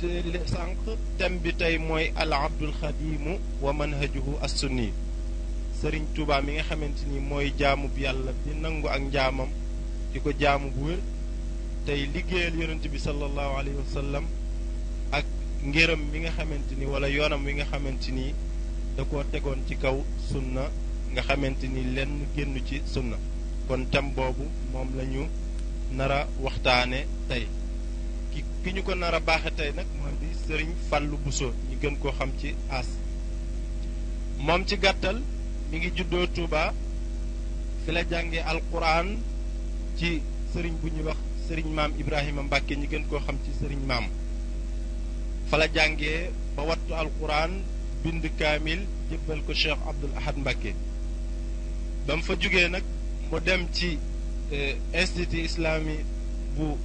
sànq thème bi tey mooy al abdul xadimu wa manhajuhu assunni sëriñ Touba mi nga xamante ni mooy jaamu bi yàlla bi nangu ak njaamam di ko jaamu bu wér tey liggéeyal yonent bi sallallahu alayhi wa ak ngërëm mi nga xamante ni wala yoonam wi nga xamante ni da ko tegoon ci kaw sunna nga xamante ni lenn génn ci sunna kon tem boobu moom la ñu nar a waxtaane tey ki ñu ko nar a baaxe tey nag mooy di sëriñ Fallou Bousso ñu gën koo xam ci aas moom ci gàttal mi ngi juddoo Touba fi la jàngee alquran ci sëriñ bu ñuy wax sëriñ maam ibrahim Mbacke ñi gën koo xam ci sëriñ maam fa la jàngee ba wattu alquran bind kaamil jébbal ko Cheikh Abdoul Ahad Mbacke ba fa jógee nag mu dem ci eh, institut islami bu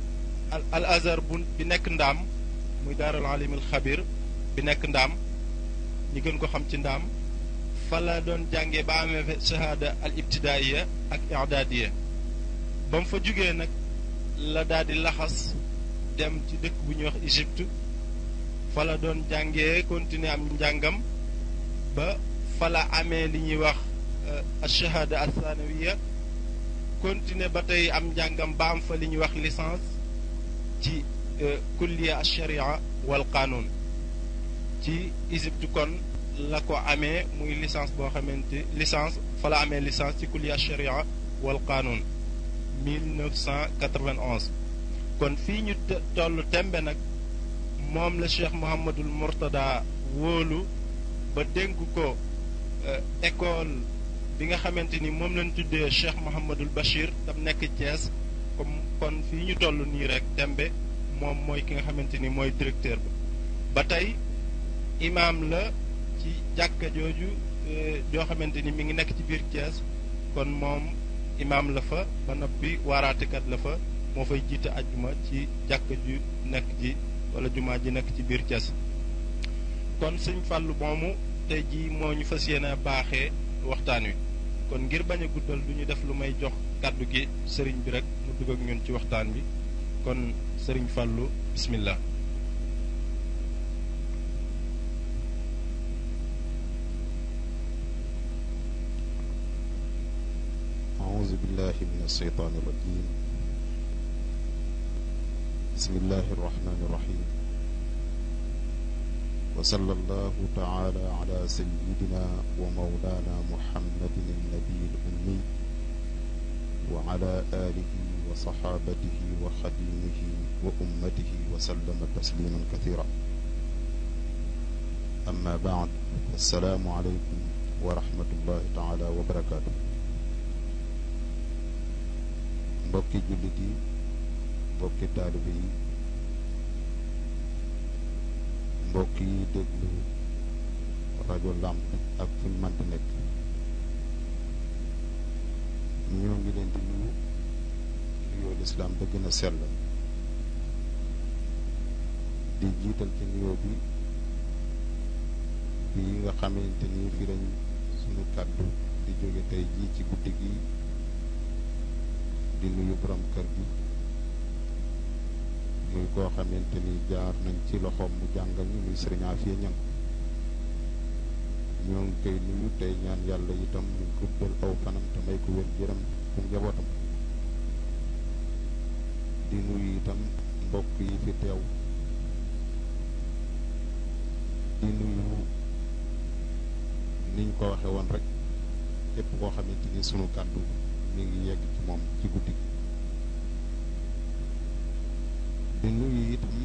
al azhar bu bi nekk ndaam muy daaral alimul xabir bi nekk ndaam ñi gën ko xam ci ndaam fa la doon jàngee ba amee shahada al ibtidaaiya ak i'daadiya ba mu fa jógee nag la daal laxas dem ci dëkk bu ñuy wax Égypte fa la doon jàngee continuer am njàngam ba fa la amee li ñuy wax euh, ashahada asanawiya continuer ba tey am njàngam ba am fa li ñuy wax licence ci euh, kulliya sharia wal qanun ci Égypte kon la ko amee muy licence boo xamante licence fala amee licence ci kulliya sharia wal qanun 1991 kon fii ñu toll tembe nag moom la Cheikh Mouhamadul Mourtada wóolu ba dénk ko euh, école bi nga xamante ni moom lañ tuddee Cheikh Mouhamadul Bachir tam nekk Thiès kon fii ñu toll nii rek Dembe moom mooy ki nga xamante ni mooy directeur ba ba tey imaam la ci jàkka jooju euh, joo xamante ni mi ngi nekk ci biir Thiès kon moom imaam la fa ba noppi waraatekat la fa moo fay jiite ajjuma ci jàkka ju nekk ji wala jumaa ji nekk ci biir Thiès kon sëñ Fallou moomu tey jii moo ñu fas yéene baaxee waxtaan wi. kon ngir bañ a guddal du ñu def lu may jox kàddu gi sëriñ bi rek mu dugg ak ñun ci waxtaan bi kon sëriñ Fallou bismillah أعوذ بالله من wa sallallahu taala ala sayidina wa mawlana muhammadin annabi al ummi wa ala alihi wa saxaabatihi wa xadimihi wa ummatihi wa sallama tasliman kathira amma baad assalaamu aleykum wa rahmatullahi taala wa barakaatu mbokki jullit yi mbokki taalibe yi mbokk yi déglu rajo làmp ak fu ñu nekk ñoo ngi leen di nuyu nuyoo lislaam ba gën sell di jiital ci nuyoo bi bi nga xamante ni fi lañ kàddu di jóge tey jii ci guddi gi di nuyu borom kër gi muy koo xamante ni jaar nañ ci loxoom mu jàngal ñu muy sëriñ Afia Ñang ñoo ngi koy nuyu tey ñaan yàlla itam mu guddal aw fanam te may ko wér jëram ku njabootam di nuyu itam mbokk yi fi teew di nuyu niñ ko waxe woon rek képp koo xamante ni sunu kàddu mi ngi yegg ci moom ci guddi gi di nuyu itam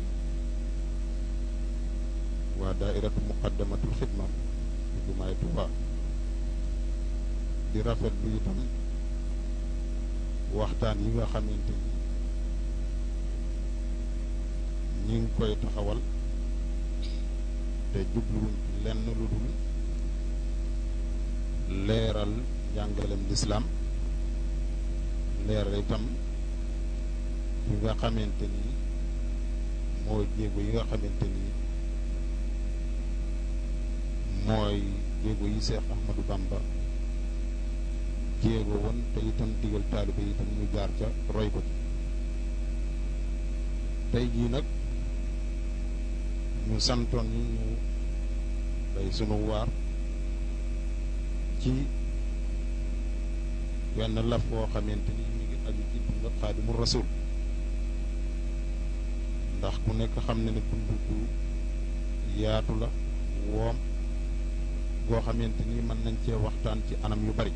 waa daairatu muqaddamatul xidma bu jumaay Tuuba di rafet lu itam waxtaan yi nga xamante ni ñi ngi koy taxawal te jubluwuñ lenn lu leeral njàngalem lislaam leeral itam yi nga xamante ni mooy jéego yi nga xamante ni mooy jéego yi Seex Ahmadu Bamba jéego woon te itam digal taalibe yi itam ñu jaar ca roy ko ci tey jii nag ñu santoon ñu ñu day sunu waar ci wenn laf woo xamante ni ñu ngi aju ci dund Xaadimu Rasuul ndax ku nekk xam na ni bunt bu yaatu la woom goo xamante ni mën nañ cee waxtaan ci anam yu bari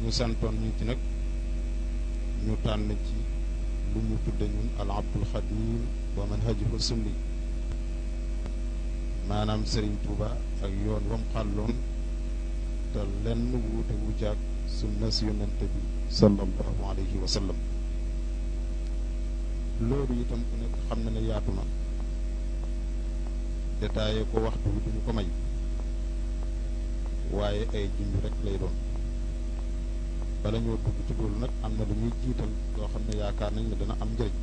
ñu santoon ñu ci nag ñu tànn ci lu ñu tudde ñun al abdul xadim wa manhajuhu sunni maanaam sëriñ Tuuba ak yoon wam xàlloon te lenn wuute wu jaag sunna si yonente bi sallallahu alayhi wa sallam loolu itam ku nekk xam na ne yaatu na détaillé ko waxtu duñu ko may waaye ay junj rek lay doon bala ñoo dugg ci loolu nag am na lu ñuy jiital loo xam ne yaakaar nañ ne dana am njëriñ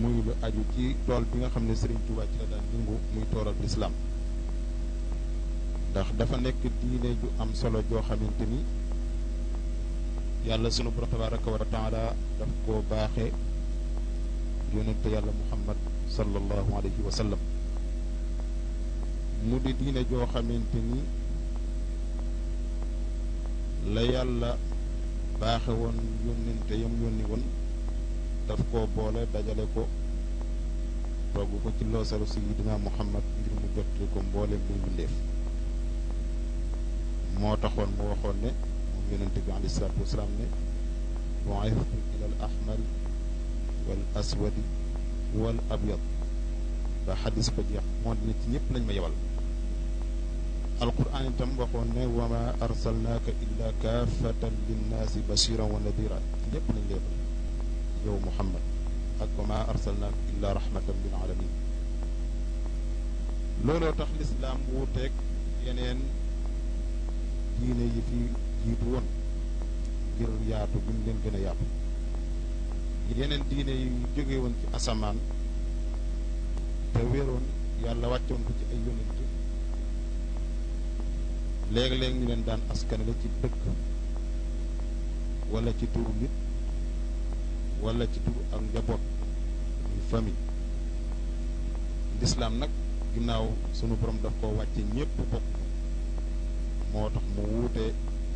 muy lu aju ci tool bi nga xam ne Serigne Touba ci la daan yëngu muy tooral lislaam ndax dafa nekk diine ju am solo joo xamante ni yàlla sunu borom tabaraka wa taala daf koo baaxe yonente yàlla muhammad sallallahu alayhi wa sallam mu di diine joo xamante ni la yàlla baaxe woon yónnente yam yónni woon daf koo boole dajale ko togg ko ci loosalu sayyidina muhammad ngir mu jottali ko mboole luy mbindeef moo taxoon mu waxoon ne yonent bi aleyhi salaatu wasalaam ne bu'ithtu ila al ahmari wal aswadi wal abyad ba xadis ba jeex moo dina ci ñëpp nañ ma yebal alquran itam waxoon ne wa ma arsalnaaka illa kaafatan linnaasi bashiran wa nadira ci ñëpp nañ la yebal yow muhammad ak wa ma arsalnaaka illa rahmatan lil alamin looloo tax lislaam wuuteeg yeneen diine yi fi jiitu woon ngir yaatu bi mu leen gën a yaatu yeneen diine yu jóge woon ci asamaan te wéeroon yàlla wàccoon ko ci ay yonent léeg-léeg ñu leen daan askane la ci dëkk wala ci turu nit wala ci turu ak njaboot muy famille lislaam nag ginnaaw sunu boroom daf koo wàcce ñépp bokk moo tax mu wuute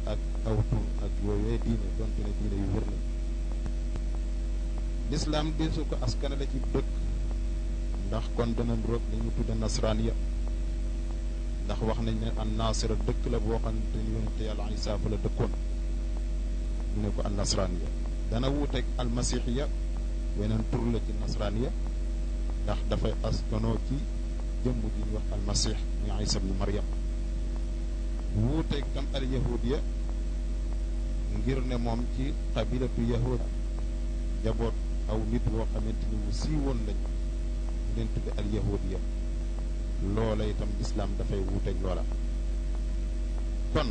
ak aw tur ak yooyee diine donte ne diine yu wér la lislaam deesu ko askanale ci dëkk ndax kon dana roog li ñu nasraan ya ndax wax nañ ne an naasira dëkk la boo xamante ni yonente yàlla Isaa fa la dëkkoon ñu ko an nasraan ya dana wuuteeg almasix ya weneen tur la ci nasraan ya ndax dafay askanoo ci jëmm ji ñuy wax almasix muy Isaa bnu Maryam wuuteeg tam al ngir ne moom ci xabilatu yahud jaboot aw nit woo xamante ni mu siiwoon lañ bi ak al yahudiya loola itam lislaam dafay wuuteeg loola kon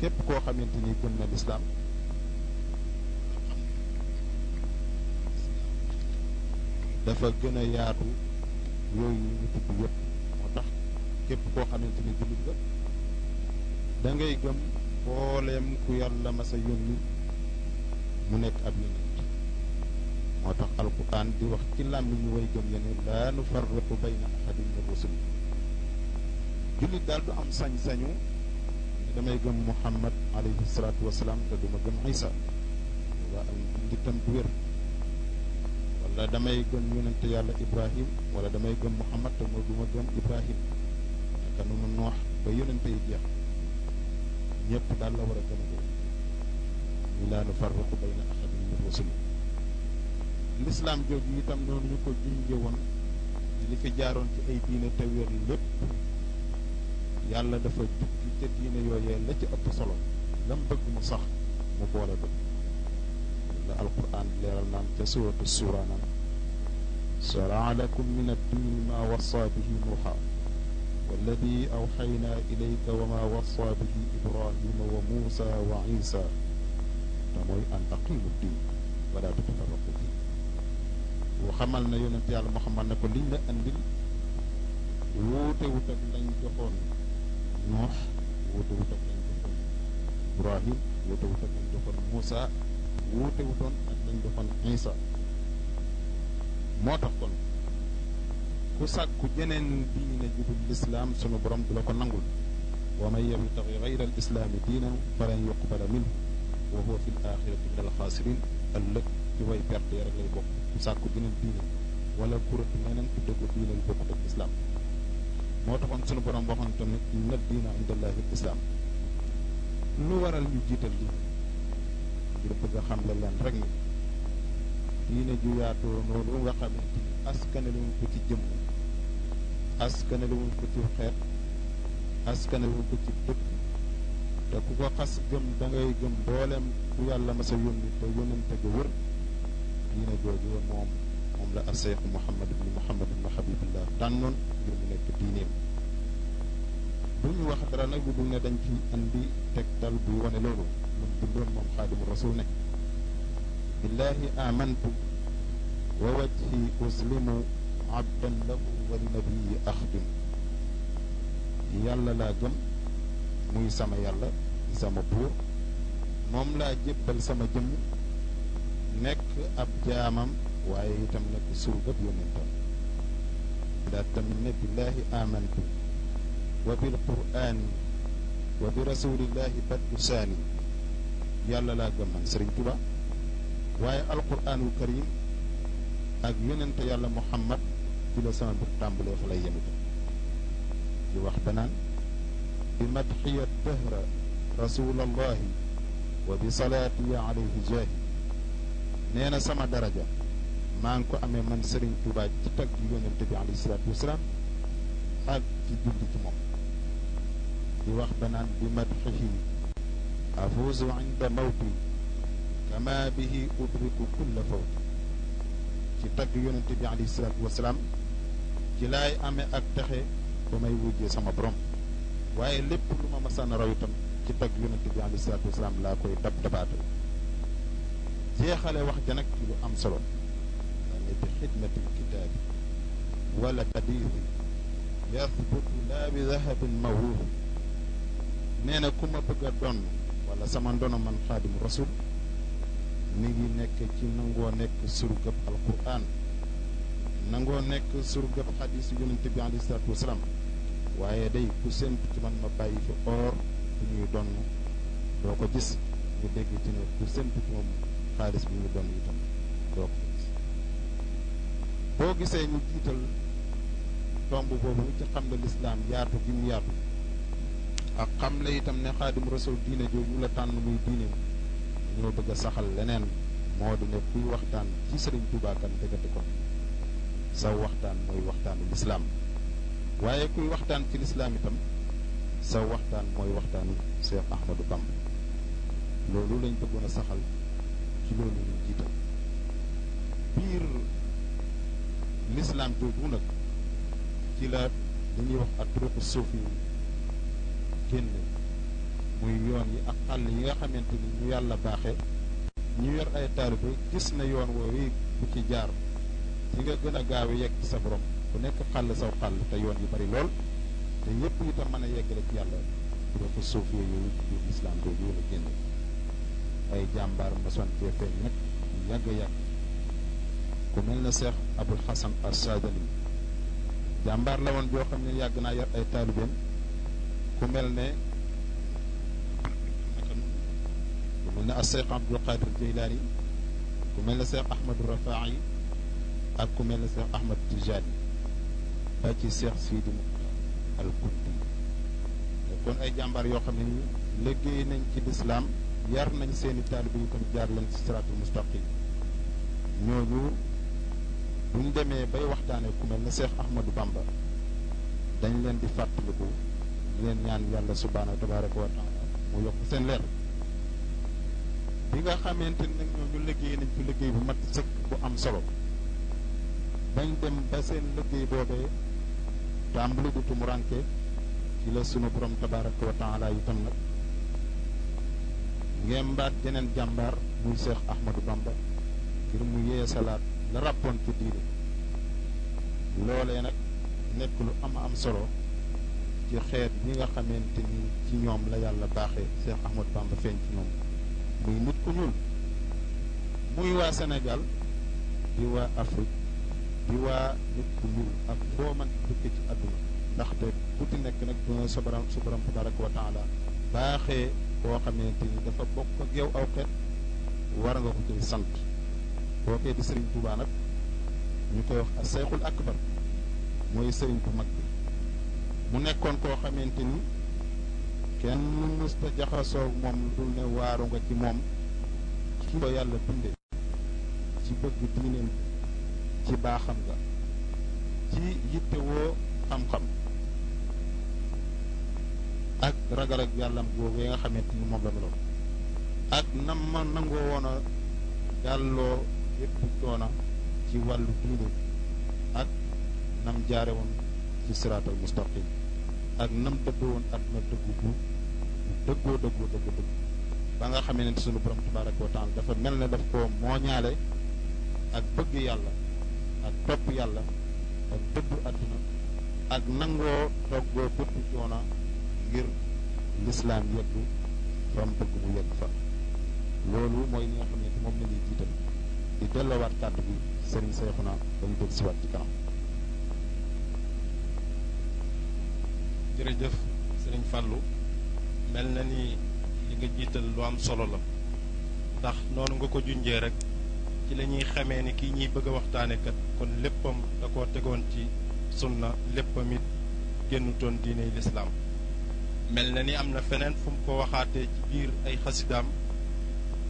képp koo xamante ni gëm na lislaam dafa gën a yaatu yooyu ñu tudd yëpp moo tax képp koo xamante ni jullit nga gëm mbooleem ku yàlla masa yónni mu nekk ab yonent moo tax alquran di wax ci làmmiñu way gëm yene laa nu farriqu bayna ahadin min rusul jullit daal du am sañ-sañu damay gëm muhammad alayhi salaatu wasalaam te duma gëm isa waa am njiitam du wér wala damay gëm yonente yàlla ibrahim wala damay gën muhammad te moo duma gëm ibrahim naka nu mu noox ba yonente jeex ñëpp daal la war a gën a ñu laa nu farruqu bayna ahadin min rusuli lislaam jooju itam noonu ñu ko junje woon li fi jaaroon ci ay diine te wér lépp yàlla dafa jukki ca diine yooyee la ci ëpp solo lam bëgg mu sax mu boole ko la alquran leeral naan ca suratu suura sara lakum min ad-dini ma wasa bihi nuuxa والذي أوحينا إليك وما وصى به إبراهيم وموسى وعيسى damooy an aqimu diin wala tatafarraqu fii boo xamal na yonent yàlla Muhammad ne ko liñ la andil wuutewut ak lañ joxoon Nuux wuutewut ak lañ joxoon Ibrahim wuutewut ak lañ joxoon Moussa wuutewutoon ak lañ joxoon Isa moo tax kon ku sàkku jeneen diine ju dul lislaam sunu borom bu la ko nangul wa man yabtaxi gayra al islaami diinan falan yuqbala minhu wa huwa fi l axirati min al xaasirin ëllëg ci way perte wala ko diine lu bokk ak islaam moo taxoon sunu borom waxoon tamit inna diina inda allahi al islaam lu waral ñu jiital li xam la leen rek ni diine ju yaatoo noonu nga xamante ni askanale ko ci jëmm askane lu wuñ ko ci xeet askane lu ko ci dëkk te ku ko xas gëm da ngay gëm booleem ku yàlla ma sa yónni te yónnante ga wër diine jooju moom moom la aseex muhammad ibnu muhammad ibnu habibillah tànnoon ngir mu nekk diineem bu ñu wax dara nag lu dul ne dañ ci andi tegtal buy wane loolu mun bindoon moom xaadimu rasul ne billaahi amantu wa wajhi uslimu abdan lahu wali nabii axdun yàlla laa gëm muy sama yàlla sama buur moom laa jébbal sama jëmm nekk ab jaamam waaye itam nekk surgab yonentam daa tamit ne billaahi amantu wa bil quraani bi rasulillahi baddu saani karim ak yonente yàlla muhammad fi la sama mbir tàmbalee fa lay yemit di wax banaan bi madxiya dëhra rasulallahi wa bi salaati alayhi jaahi nee na sama daraja maa ngi ko amee man Serigne Touba ci tagg yonente bi alayhi salaatu wasalaam ak ci julli ci moom di wax banaan bi madxihi afuusu inda mawti kama bihi udriku kulla fawti ci tagg yonente bi alayhi salaatu wasalaam ci laay amee ak texe ba may wujjee sama borom waaye lépp lu ma masaan raw itam ci tag yonent bi aleyhi salaatu wasalaam laa koy dab dabaata jeexale wax ja nag lu am solo dane bi xidmatil kitaabi wala xadiisi yasbutu laa bi dahabin mawruufi nee na ku ma bëgg donn wala sama ndono man xaadim rasul mi ngi nekk ci nangoo nekk surgab alquran nangoo nekk surga xadis yonente bi alayhi salaatu wasalaam waaye day ku séntu ci man ma bàyyi fi or bu ñuy donn doo ko gis ñu dégg ci ne ku séntu ci xaalis bi ñu donn itam doo ko gis boo gisee ñu jiital tomb boobu ci xam ne lislaam yaatu gi mu yaatu ak xam le itam ne xaadim rasul diine jooju ñu la tànn muy diine ñoo bëgg saxal leneen moo di ne kuy waxtaan ci Sëriñ Tuubaa kan dëggati ko sa waxtaan mooy waxtaanu lislaam waaye kuy waxtaan ci lislaam itam sa waxtaan mooy waxtaanu Seex Ahmadu Bamba loolu lañ bëggoon a saxal ci loolu ñu jiital biir lislaam bu nag ci la li ñuy wax ak turuqu suufi yi muy yoon yi ak xàll yi nga xamante ni ñu yàlla baaxe ñu yor ay taalibe gis na yoon woowu ku ci jaar ci nga gën gaaw yegg ci sa borom ku nekk xàll saw xàll te yoon yu bari lool te yépp itam mën a yegg la ci yàlla dafa suuf yooyu ci biir islam boobu la génn ay jàmbaar mosoon fee feeñ nag yàgg yàgg ku mel na seex abul xasan assadali jàmbaar la woon boo xam ne yàgg naa yar ay taalibeem ku mel ne ku mel ne as seex abdul qadir jeylaani ku mel ne seex ahmadu rafaa ak ku mel ne Seex Ahmad Tijaani ba ci Seex Sidi al Kunti kon ay jàmbaar yoo xam ne ni liggéey nañ ci lislaam yar nañ seeni taalibe yu kon jaar leen ci siraatul mustaqim ñooñu buñ demee bay waxtaanee ku mel ne Seex Ahmadu Bamba dañ leen di fàttaliku di leen ñaan yàlla subhaanahu wa tabaaraka wa taala mu yokk seen leer bi nga xamante nag ñooñu liggéey nañ ci liggéey bu mat sëkk bu am solo bañ dem ba seen liggéey boobee tàmbali du tumuranke ci la sunu borom tabaraka wa taala itam nag mbaat jeneen jàmbaar muy seex ahmadu bamba ngir mu yeesalaat la ràppoon ci diine loolee nag nekk lu am am solo ci xeet yi nga xamante ni ci ñoom la yàlla baaxee seex ahmadu bamba feeñ ci ñoom muy nit ku ñuul muy waa sénégal di waa afrique di waa nit ku ñuul ak foo man dëkk ci àdduna ndaxte ku ci nekk nag dina sa borom su borom tabaraka wa taala baaxee boo xamante ni dafa bokk ak yow aw xeet war nga ko koy sant bookee di sëriñ Tuubaa nag ñu koy wax ak seexul akbar mooy sëriñ bu mag bi mu nekkoon koo xamante ni kenn mësta jaxasoo moom dul ne waaru nga ci moom ki ko yàlla bindee ci bëgg diineen ci baaxam nga ci yittewoo xam-xam ak ragal ak yàllam boobu yi nga xamante ni moom la meloon ak nam ma nangoo woon a yàlloo yépp coono ci wàllu diine ak nam jaare woon ci siraatal mustaqim ak nam dëdd woon àdduna dëggu bu dëggoo dëggoo dëggu ba nga xamee ne sunu borom tabaraka wa taala dafa mel ne daf koo mooñaale ak bëgg yàlla ak topp yàlla ak dëddu àdduna ak nangoo toggoo bëtt joona ngir lislaam yegg fa mu bëgg mu yegg fa loolu mooy li nga moom la ñuy jiital di delloowaat kàddu bi sëriñ Seexuna dañu dégg si waat ci kanam jërëjëf sëriñ Fàllu mel na ni li nga jiital lu am solo la ndax noonu nga ko junjee rek ci la ñuy xamee ni kii ñuy bëgg a waxtaane kat kon léppam da koo tegoon ci sunna léppam it génnutoon diine lislaam mel na ni am na feneen fu mu ko waxaatee ci biir ay xasidaam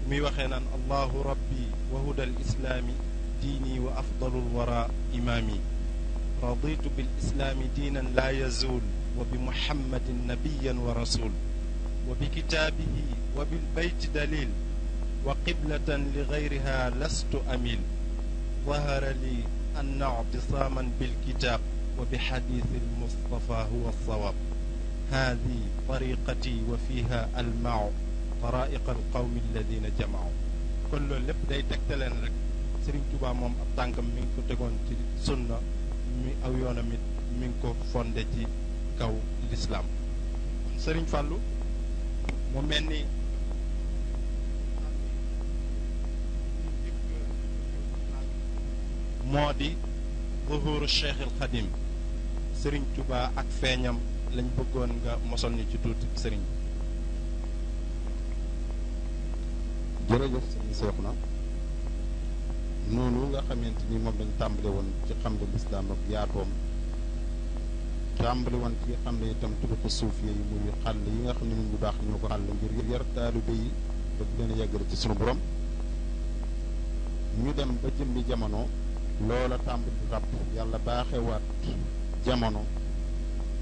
muy waxee naan allahu rabbi wa hudal islaami diini wa afdalul wara imaami raditu bil islaami diinan laa yazuul wa bi muhammadin nabiyan wa rasul wa bi kitaabihi wa bil bayti dalil wa qiblatan li gayriha lastu amil zahara li anna ictisaaman bilkitaab wa bixadiisi almustafa huwa alsawaab haadi tariqati wa fiha almau taraiqa alqawmi alladina jamau kon loolu lépp day tegtaleen rek Sëriñ Tuubaa moom ab tànkam mi ngi ko tegoon ci sunna mi aw yoonam it mi ngi ko fonde ci kaw lislaam Sëriñ Fàllu mu mel ni moo di uhuru cheikh al xadim sëriñ tubaa ak feeñam lañ bëggoon nga mosol ñu ci tuuti sëriñ bi jërëjëf sëriñ Seexuna noonu nga xamante ni moom lañ tàmbale woon ci xam le lislaam ak yaatoom tàmbale woon ci xam le itam tudd ko suufiya yi muy xàll yi nga xam ne ñu baax ñoo ko xàll ngir yar taalibe yi ba leen a yàggale ci sunu borom ñu dem ba jëmbi jamono loola tàmbali ràpp yàlla baaxewaat jamono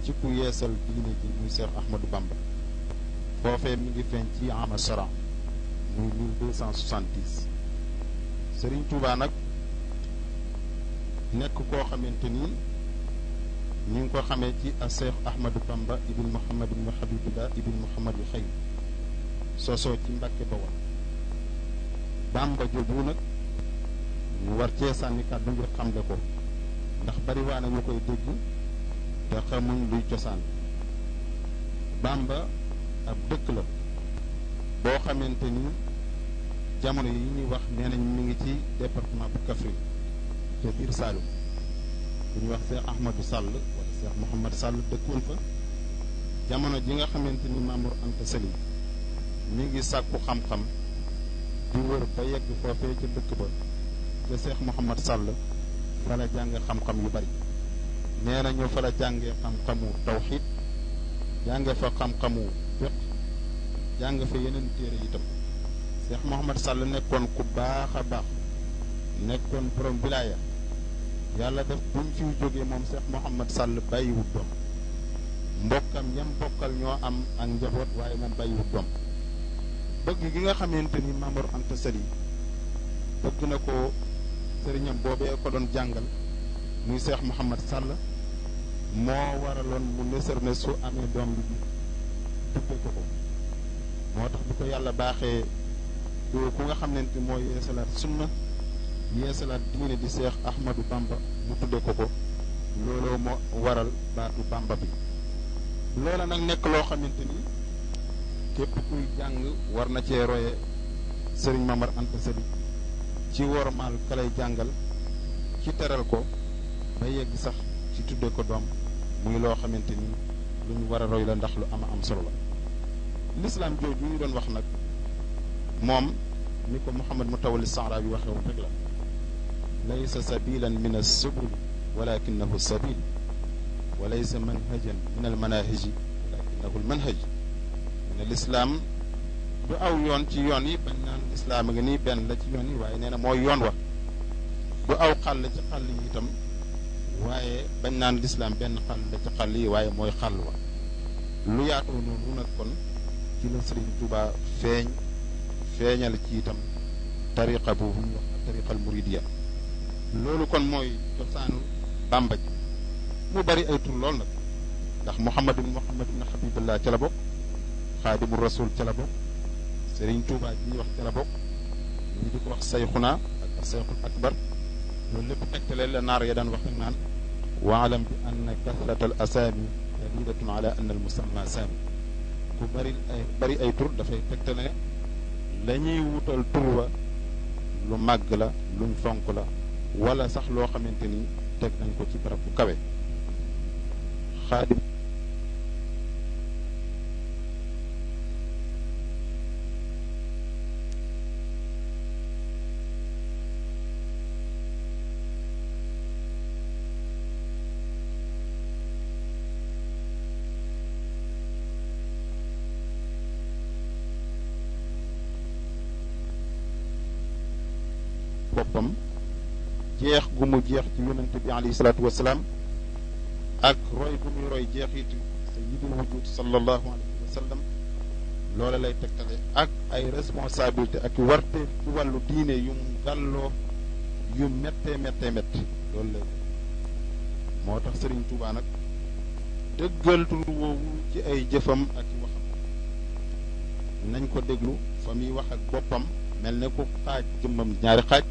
ci ku yeesal diine ji muy Seex Ahmadu Bamba foofee mi ngi feeñ ci ama saran muy sëriñ Serigne nag nekk koo xamante ni ñu ngi ko xamee ci a Seex Ahmadu Bamba ibn Muhammad ibn Habibullah ibn Muhammad yu xëy sosoo ci Mbàkke Bawol Bamba jooju nag mu war cee sànni kàddu ngir xamle ko ndax bariwaane ñu koy dégg te xamuñ luy cosaan Bamba ab dëkk la boo xamante ni jamono yi ñuy wax nee nañ mi ngi ci département bu Kaffrine te biir Saalum bu wax Cheikh Ahmadou Sall seex Cheikh Mouhamad Sall dëkkoon fa jamono ji nga xamante ni Mamour Anta Sali mu ngi sàkku xam-xam di wër ba yegg foofee ca dëkk ba ga Cheikh Mouhamad Sall fa la jànge xam-xam yu bari nee nañu fa la jànge xam-xamu tawxid jànge fa xam-xamu fiq jàng fa yeneen téere itam Cheikh Mouhamad Sall nekkoon ku baax a baax nekkoon borom bilaaya yàlla def bu mu fiy jógee moom Cheikh Mouhamad Sall bàyyiwut doom mbokkam ñam bokkal ñoo am ak njaboot waaye moom bàyyiwut doom bëgg gi nga xamante ni Mamour Anta Sali bëgg na ko sëriñam boobee ko doon jàngal muy Cheikh Mouhamad Sall moo waraloon mu nësër ne su amee doom bi tuppe ko ko moo tax bu ko yàlla baaxee ku nga xam mooy yeesalaat sunna yeesalaat diine di Cheikh Ahmadou Bamba mu tudde ko ko looloo moo waral baatu Bamba bi loola nag nekk loo xamante ni képp kuy jàng war na cee roye Serigne Mamar Anta ci wormaal ka lay jàngal ci teral ko ba yegg sax ci tuddee ko doom muy loo xamante ni lu ñu war a roy la ndax lu ama am solo la lislaam jooju ñu doon wax nag moom ni ko Muhammad Mutawalli Sahra bi waxee woon rek la laysa sabilan min as-subul walakinahu sabil wa laysa manhajan min al manahiji walakinahu al manhaj min al islam du aw yoon ci yoon yi bañ naan islaam a ngi nii benn la ci yoon yi waaye nee mooy yoon wa du aw xàll ci xàll yi itam waaye bañ naan lislaam benn xàll la ci xàll yi waaye mooy xàll wa lu yaatoo noonu nag kon ci la Sëriñ Tuubaa feeñ feeñal ci itam tariqa boobu ñu wax tariqal muridiya loolu kon mooy cosaanu Bàmba mu bari ay tur lool nag ndax Muhammad ibn Muhammad ibn Habibullah ca la bokk Xaadimu Rasul ca la bokk Serigne tuubaa bi ñuy wax ca la bokk ñu di ko wax sayxuna ak sayxul akbar loolu lépp tegtale la naar ya daan wax ak naan waalam bi ann kathrata al asaami dalilatun ala ann al musamma saami ku bari ay bari ay tur dafay tegtale la ñuy wutal tur wa lu màgg la luñ fonk la wala sax loo xamante ni teg nañ ko ci barab bu kawe alayhi salaatu wasalaam ak roy bu muy roy jeexitu sayyidul wujud sallallahu alayhi loola lay tegtale ak ay responsabilité ak warte ci wàllu diine yu mu yu méttee méttee méttee loolu lay moo tax Serigne Touba nag dëggal tur woowu ci ay jëfam ak waxam nañ ko déglu fa muy wax ak boppam mel ne ko xaaj jëmmam ñaari xaaj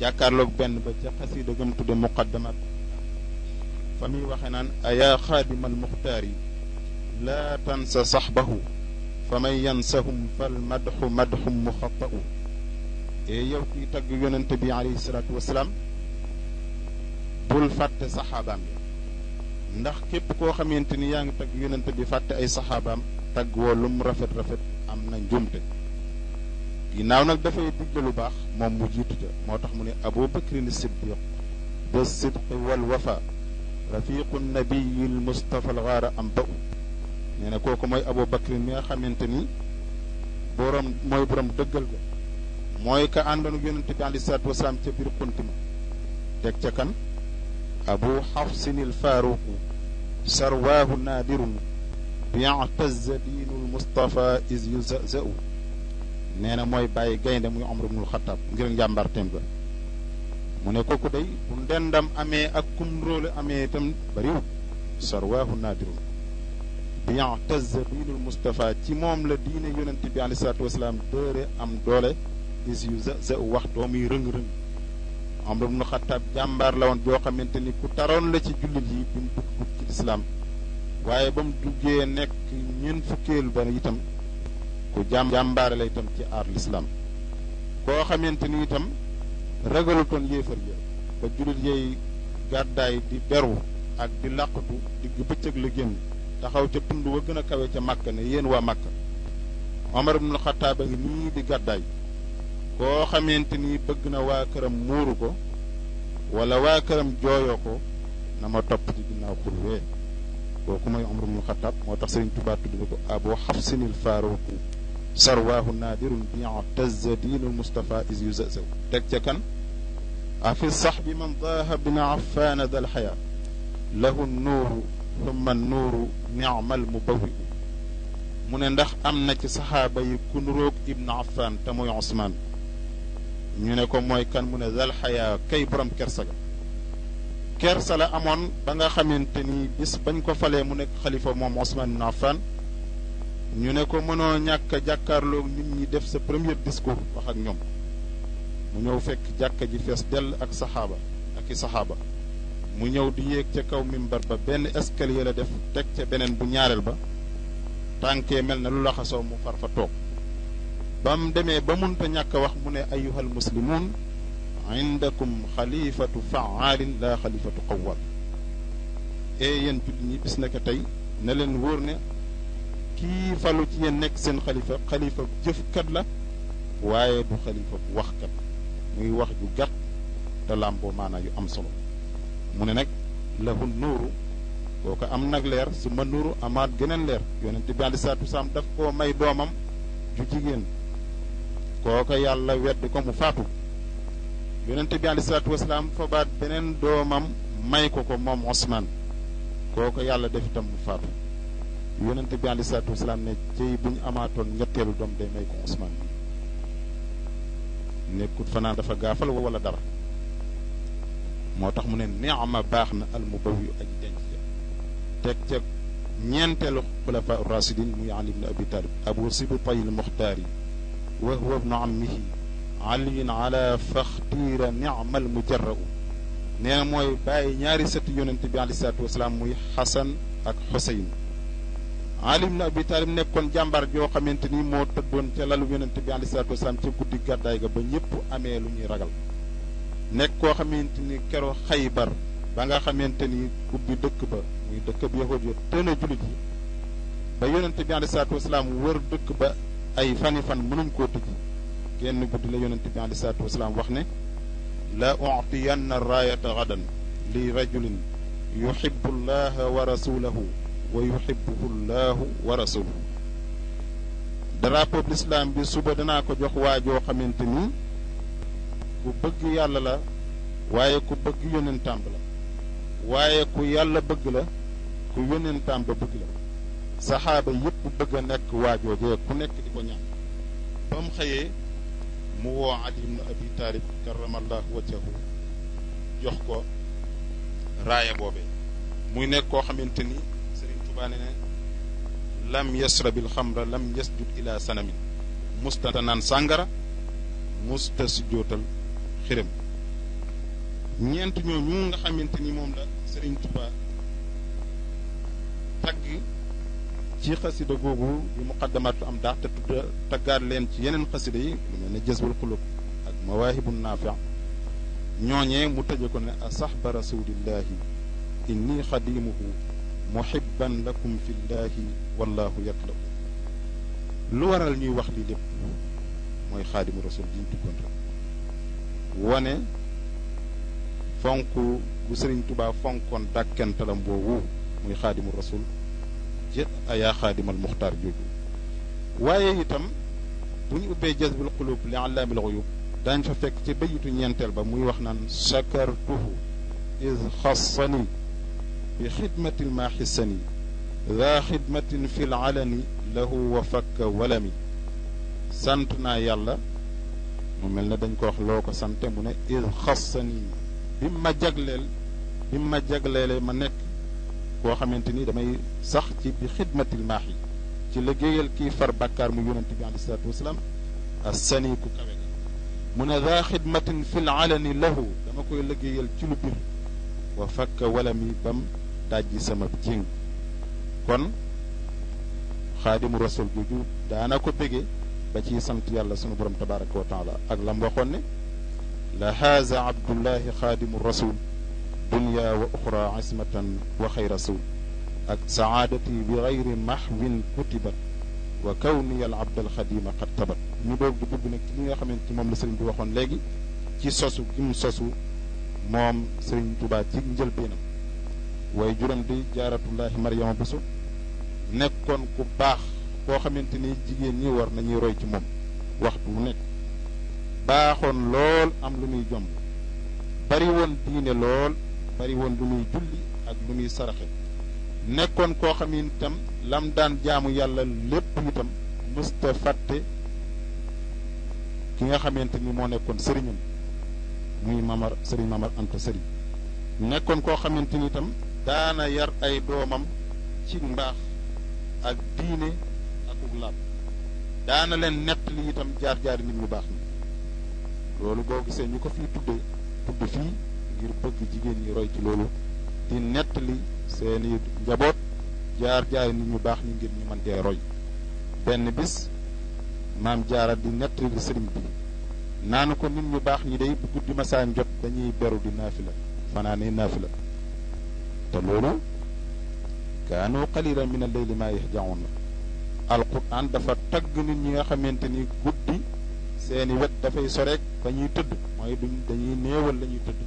jàkkaarlook benn ba ca xasiida gëm tudde muqaddamat fa muy waxe naan ayaa xaadimal muxtaari laa tansa saxbahu fa man yansahum fal madxu madxum muxata'u e yow kiy tagg yonent bi alayhi salaatu bul fàtte saxaabaam ndax képp koo xamante ni yaa ngi tagg yonent bi fàtte ay saxaabaam tagg woo rafet rafet am na njuumte ginnaaw nag dafay digle lu baax moom mu jiitu ja moo tax mu ne abu bakrin siddiq de sidq wal wafa rafiqu nabiyi l mustafa al gaara am ba u nee kooku mooy abu bakrin mi nga xamante ni borom mooy borom dëggal ga mooy ka àndoon yonente bi alei salatu wasalaam ca biir xunt ma teg ca kan abu xafsinil faaruqu sarwaahu naadirun bi'taza diinul mustafa is yuzazau nee na mooy bàyyi gaynde muy Omar ibnul Xattaab ngir njàmbarteem ga mu ne kooku day bu ndendam amee ak kum róole amee itam bariwut sarwaahu naadirun bien tazza diinul Moustapha ci moom la diine yonent bi aleyhi salaatu wasalaam dëre am doole is yu za za waxtoo muy rëng-rëng Omar ibnul Xattaab jàmbaar la woon joo xamante ni ku taroon la ci jullit yi bi mu dugg ci lislaam waaye ba mu duggee nekk ñeent fukkeel ba itam ku jàmm jàmbaare la itam ci aar lislaam koo xamante ni itam ragalutoon yéefar ya ba jullit yay gàddaay di beru ak di làqatu digg bëccëg la génn taxaw ca tund wa gën a kawe ca màkk ne yéen waa màkk omar ibnul xataab a ngi nii di gàddaay koo xamante ni bëgg na waa këram muuru ko wala waa këram jooyoo ko na ma topp ci ginnaaw xur wee kooku mooy omar xataab moo tax sëriñ tubaa tudd ko abu xafsinil faaruuku sarwaahu naadirun bi'tazza diinul Mustafa is yuzazaw teg ca kan afi saxbi man daaha bina affaana dal xayaa lahu nuuru thumma nuuru ni'mal mubawwi'u mu ne ndax am na ci saxaaba yi ku nuroog ibnu affaan te mooy Usmaan ñu ne ko mooy kan mu ne dal xayaa kay borom kersa ga kersa la amoon ba nga xamante ni bis bañ ko falee mu nekk xalifa moom Usmaan ibnu Affaan ñu ne ko mënoo ñàkk a jàkkaarloog nit ñi def sa premier discours wax ak ñoom mu ñëw fekk jàkka ji fees dell ak saxaaba ak i saxaaba mu ñëw di yéeg ca kaw mimbar ba benn escalier la def teg ca beneen bu ñaareel ba tànkee mel na lu la mu far fa toog ba mu demee ba munta ñàkk wax mu ne ayyuhal muslimuun indakum xalifatu faalin laa xalifatu qawwal ee yéen jullit ñi bis na ko tey na leen wóor ne kii falu ci yéen nekk seen xalifa xalifa jëfkat la waaye du xalifa waxkat muy wax ju gàtt te làmboo maana yu am solo mu ne nag lahul nuuru kooko am nag leer su ma nuuru amaat geneen leer yonente bi aleyhi salaatu wasalaam daf koo may doomam ju jigéen kooka yàlla wedd ko mu faatu yonente bi aleyhi salaatu wasalaam fabaat beneen doomam may ko ko moom Osmaan kooka yàlla def itam mu faatu yonent bi aleyhi salaatu wasalaam ne cey bu ñu amaatoon ñetteelu doom day may ko Ousmane nekkut fanaan dafa gaafal wala dara moo tax mu ne neexma baax na almubawi ak denc ja teg ca ñeenteelu xulafaa rasidin muy ali ibn abi talib abu sibtay yi muxtaari wa huwa ibnu ammihi aliyin ala faxtiira neexmal mujarrau nee na mooy bàyyi ñaari sëti yonent bi aleyhi salaatu wasalaam muy xasan ak xuseyn Ali ibn Abi Talib nekkoon jàmbaar joo xamante ni moo tëddoon ca lalu yonent bi alayhi salaatu wasalaam ca guddi gàddaay ga ba ñëpp amee lu ñuy ragal nekk koo xamante ni keroog Xaybar ba nga xamante ni ubbi dëkk ba muy dëkk bi yahud ya tën a jullit yi ba yonent bi alayhi salaatu wasalaam wër dëkk ba ay fani fan mënuñ koo tëj genn guddi la yonent bi alayhi salaatu wasalaam wax ne la utiyanna raayata gadan li rajulin yuhibbu llaha wa rasulahu wa yuhibbuhu llaahu wa rasuluhu drapeau bu lislaam bi suba danaa ko jox waa joo xamante ni ku bëgg yàlla la waaye ku bëgg yonentam la waaye ku yàlla bëgg la ku yonentam ba bëgg la saxaaba yépp bëgg a nekk waa joojee ku nekk di ko ñaan ba mu xëyee mu woo Ali ibn Abi Taalib karamallahu wajhahu jox ko raaya boobee muy nekk koo xamante ni Shaybani lam yasrabil xamra lam yasjud ila sanamin mustata naan sàngara musta si jootal xiram ñeent ñooñu nga xamante ni moom la Sëriñ Tuba tagg ci xasida googu yu muqaddamaatu am daax te tudd taggaat leen ci yeneen xasida yi lu mel ne jësbul xulub ak mawaahibu naafi ñooñee mu tëje ko ne a saxba rasulillahi inni xadimuhu muhibban lakum fi llaahi wallaahu yatlabu lu waral ñuy wax li lépp mooy xaadimu rasul bi ñu rek wane fonk bu sëriñ tubaa fonkoon dàkkantalam boobu muy xaadimu rasul jë ayaa xaadimal muxtaar jooju waaye itam bu ñu ubbee jazbul qulub li allaamil xuyub daañ fa fekk ci bayitu ñeenteel ba muy wax naan shakartuhu iz xassani bi xidmatil maaxisani daa xidmatin fil alani lahu wa fakk walami sant naa yàlla mu mel na dañ ko wax loo ko sante mu ne il xassani bi ma jagleel bi ma jagleele ma nekk koo xamante ni damay sax ci bi xidmatil maax yi ci liggéeyal kii far bàkkaar mu yonent bi alei salatu wasalaam assani ku kawe mu ne daa xidmatin fil alani lahu dama koy liggéeyal ci lu bir wa fakk walami bam dajji sama jing kon xaadimu rasul jooju daana ko bége ba ciy sant yàlla sunu borom tabaraka wa taala ak lam waxoon ne la haaza abdullahi xaadimu rasul dunya wa uxra ismatan wa xay rasul ak saadati bi gayri mahwin kutibat wa kawni al abdal xadima qad tabat ñu doog di dugg ci li nga xamante moom la sëriñ bi waxoon léegi ci sosu gi mu sosu moom sëriñ Tuubaa ci njëlbeenam waaye juram di jaaratullahi Mariama Bousso nekkoon ku baax koo xamante ni jigéen ñi war nañuy roy ci moom waxtu wu nekk baaxoon lool am lu muy jomb bari diine lool bari woon lu muy julli ak lu muy saraxe nekkoon koo xam itam lam jaamu yàlla lépp itam mësta fàtte ki nga xamante ni moo nekkoon sëriñam muy mamar sëriñ mamar anta sëriñ nekkoon koo xamante ni itam daana yar ay doomam ci mbaax ak diine ak laab daana leen nett li itam jaar-jaari nit ñu baax ni loolu boo gisee ñu ko fii tudde tudd fii ngir bëgg jigéen ñi roy ci loolu di nett li seeni njaboot jaar-jaari nit ñu baax ñi ngir ñu mën cee roy benn bis maam jaara di nett li sëriñ bi naanu ko nit ñu baax ñi day bu guddi masaan jot dañuy beru di naafila fanaane naafila te loolu kaanu qalilan min al-layli maa yahjaun alquran dafa tag nit ñi nga xamante ni guddi seeni wet dafay soreek fa ñuy tëdd mooy duñ dañuy néewal la ñuy tëdd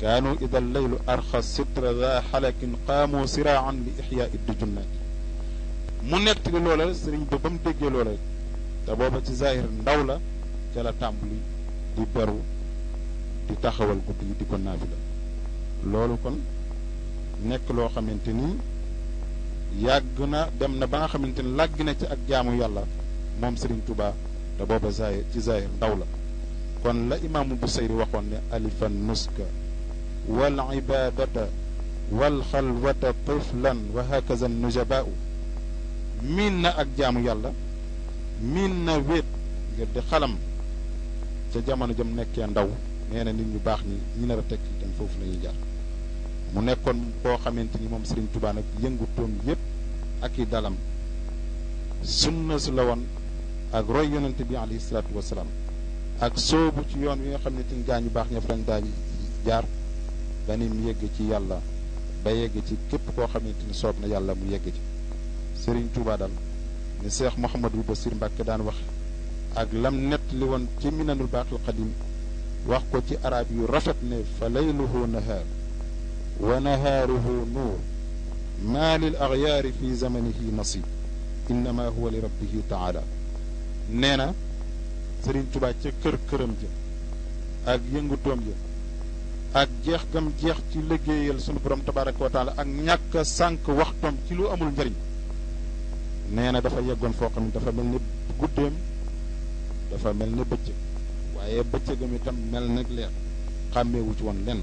kaanu ida leylu arxa sitra da xalakin qaamu siraan li ixyaa iddi junnaati mu nett li loola sëriñ ba ba mu déggee loola te booba ci zahir ndaw la ca la di beru di taxawal guddi yi di ko naafi la nekk loo xamante ni yàgg na dem na ba nga xamante ni làgg na ci ak jaamu yàlla moom Serigne Touba te booba zaahir ci zaahir ndaw la kon la imaamu Busayri waxoon ne alifan nuska wal ibadata wal xalwata tiflan wa hakaza miin na ak jaamu yàlla miin na wéet ngir di xalam ca jamono jëm nekkee ndaw nee na nit ñu baax ni ñu nar a tekki itam foofu la ñuy jaar mu nekkoon koo xamante ni moom Serigne Touba nag yëngutoom yépp ak i dalam sunna su la woon ak roy yonent bi alayhi salaatu ak soobu ci yoon wi nga xam ni tin ñu baax ña fa lañ daañu jaar ba ni mu ci yàlla ba yégg ci képp koo xamante ni soob na yàlla mu yégg ci Serigne Touba daal ni Cheikh Mouhamadou Bassir mbakk daan wax ak lam nett li woon ci minanul baaxil xadim wax ko ci arab yu rafet ne fa layluhu nahar wa nahaaruhu nuur maa lil axyaari fi zamanihi nasib innama huwa li rabbihi taala nee na sëriñ tubaa ca kër këram ja ak yëngutoom ja ak jeex gam jeex ci liggéeyal sunu borom tabaraka wa taala ak ñàkk a sànq waxtoom ci lu amul njariñ nee na dafa yeggoon foo xam ne dafa mel ni guddeem dafa mel ni bëccëg waaye bëccëgam itam mel nag leer xàmmeewu ci woon lenn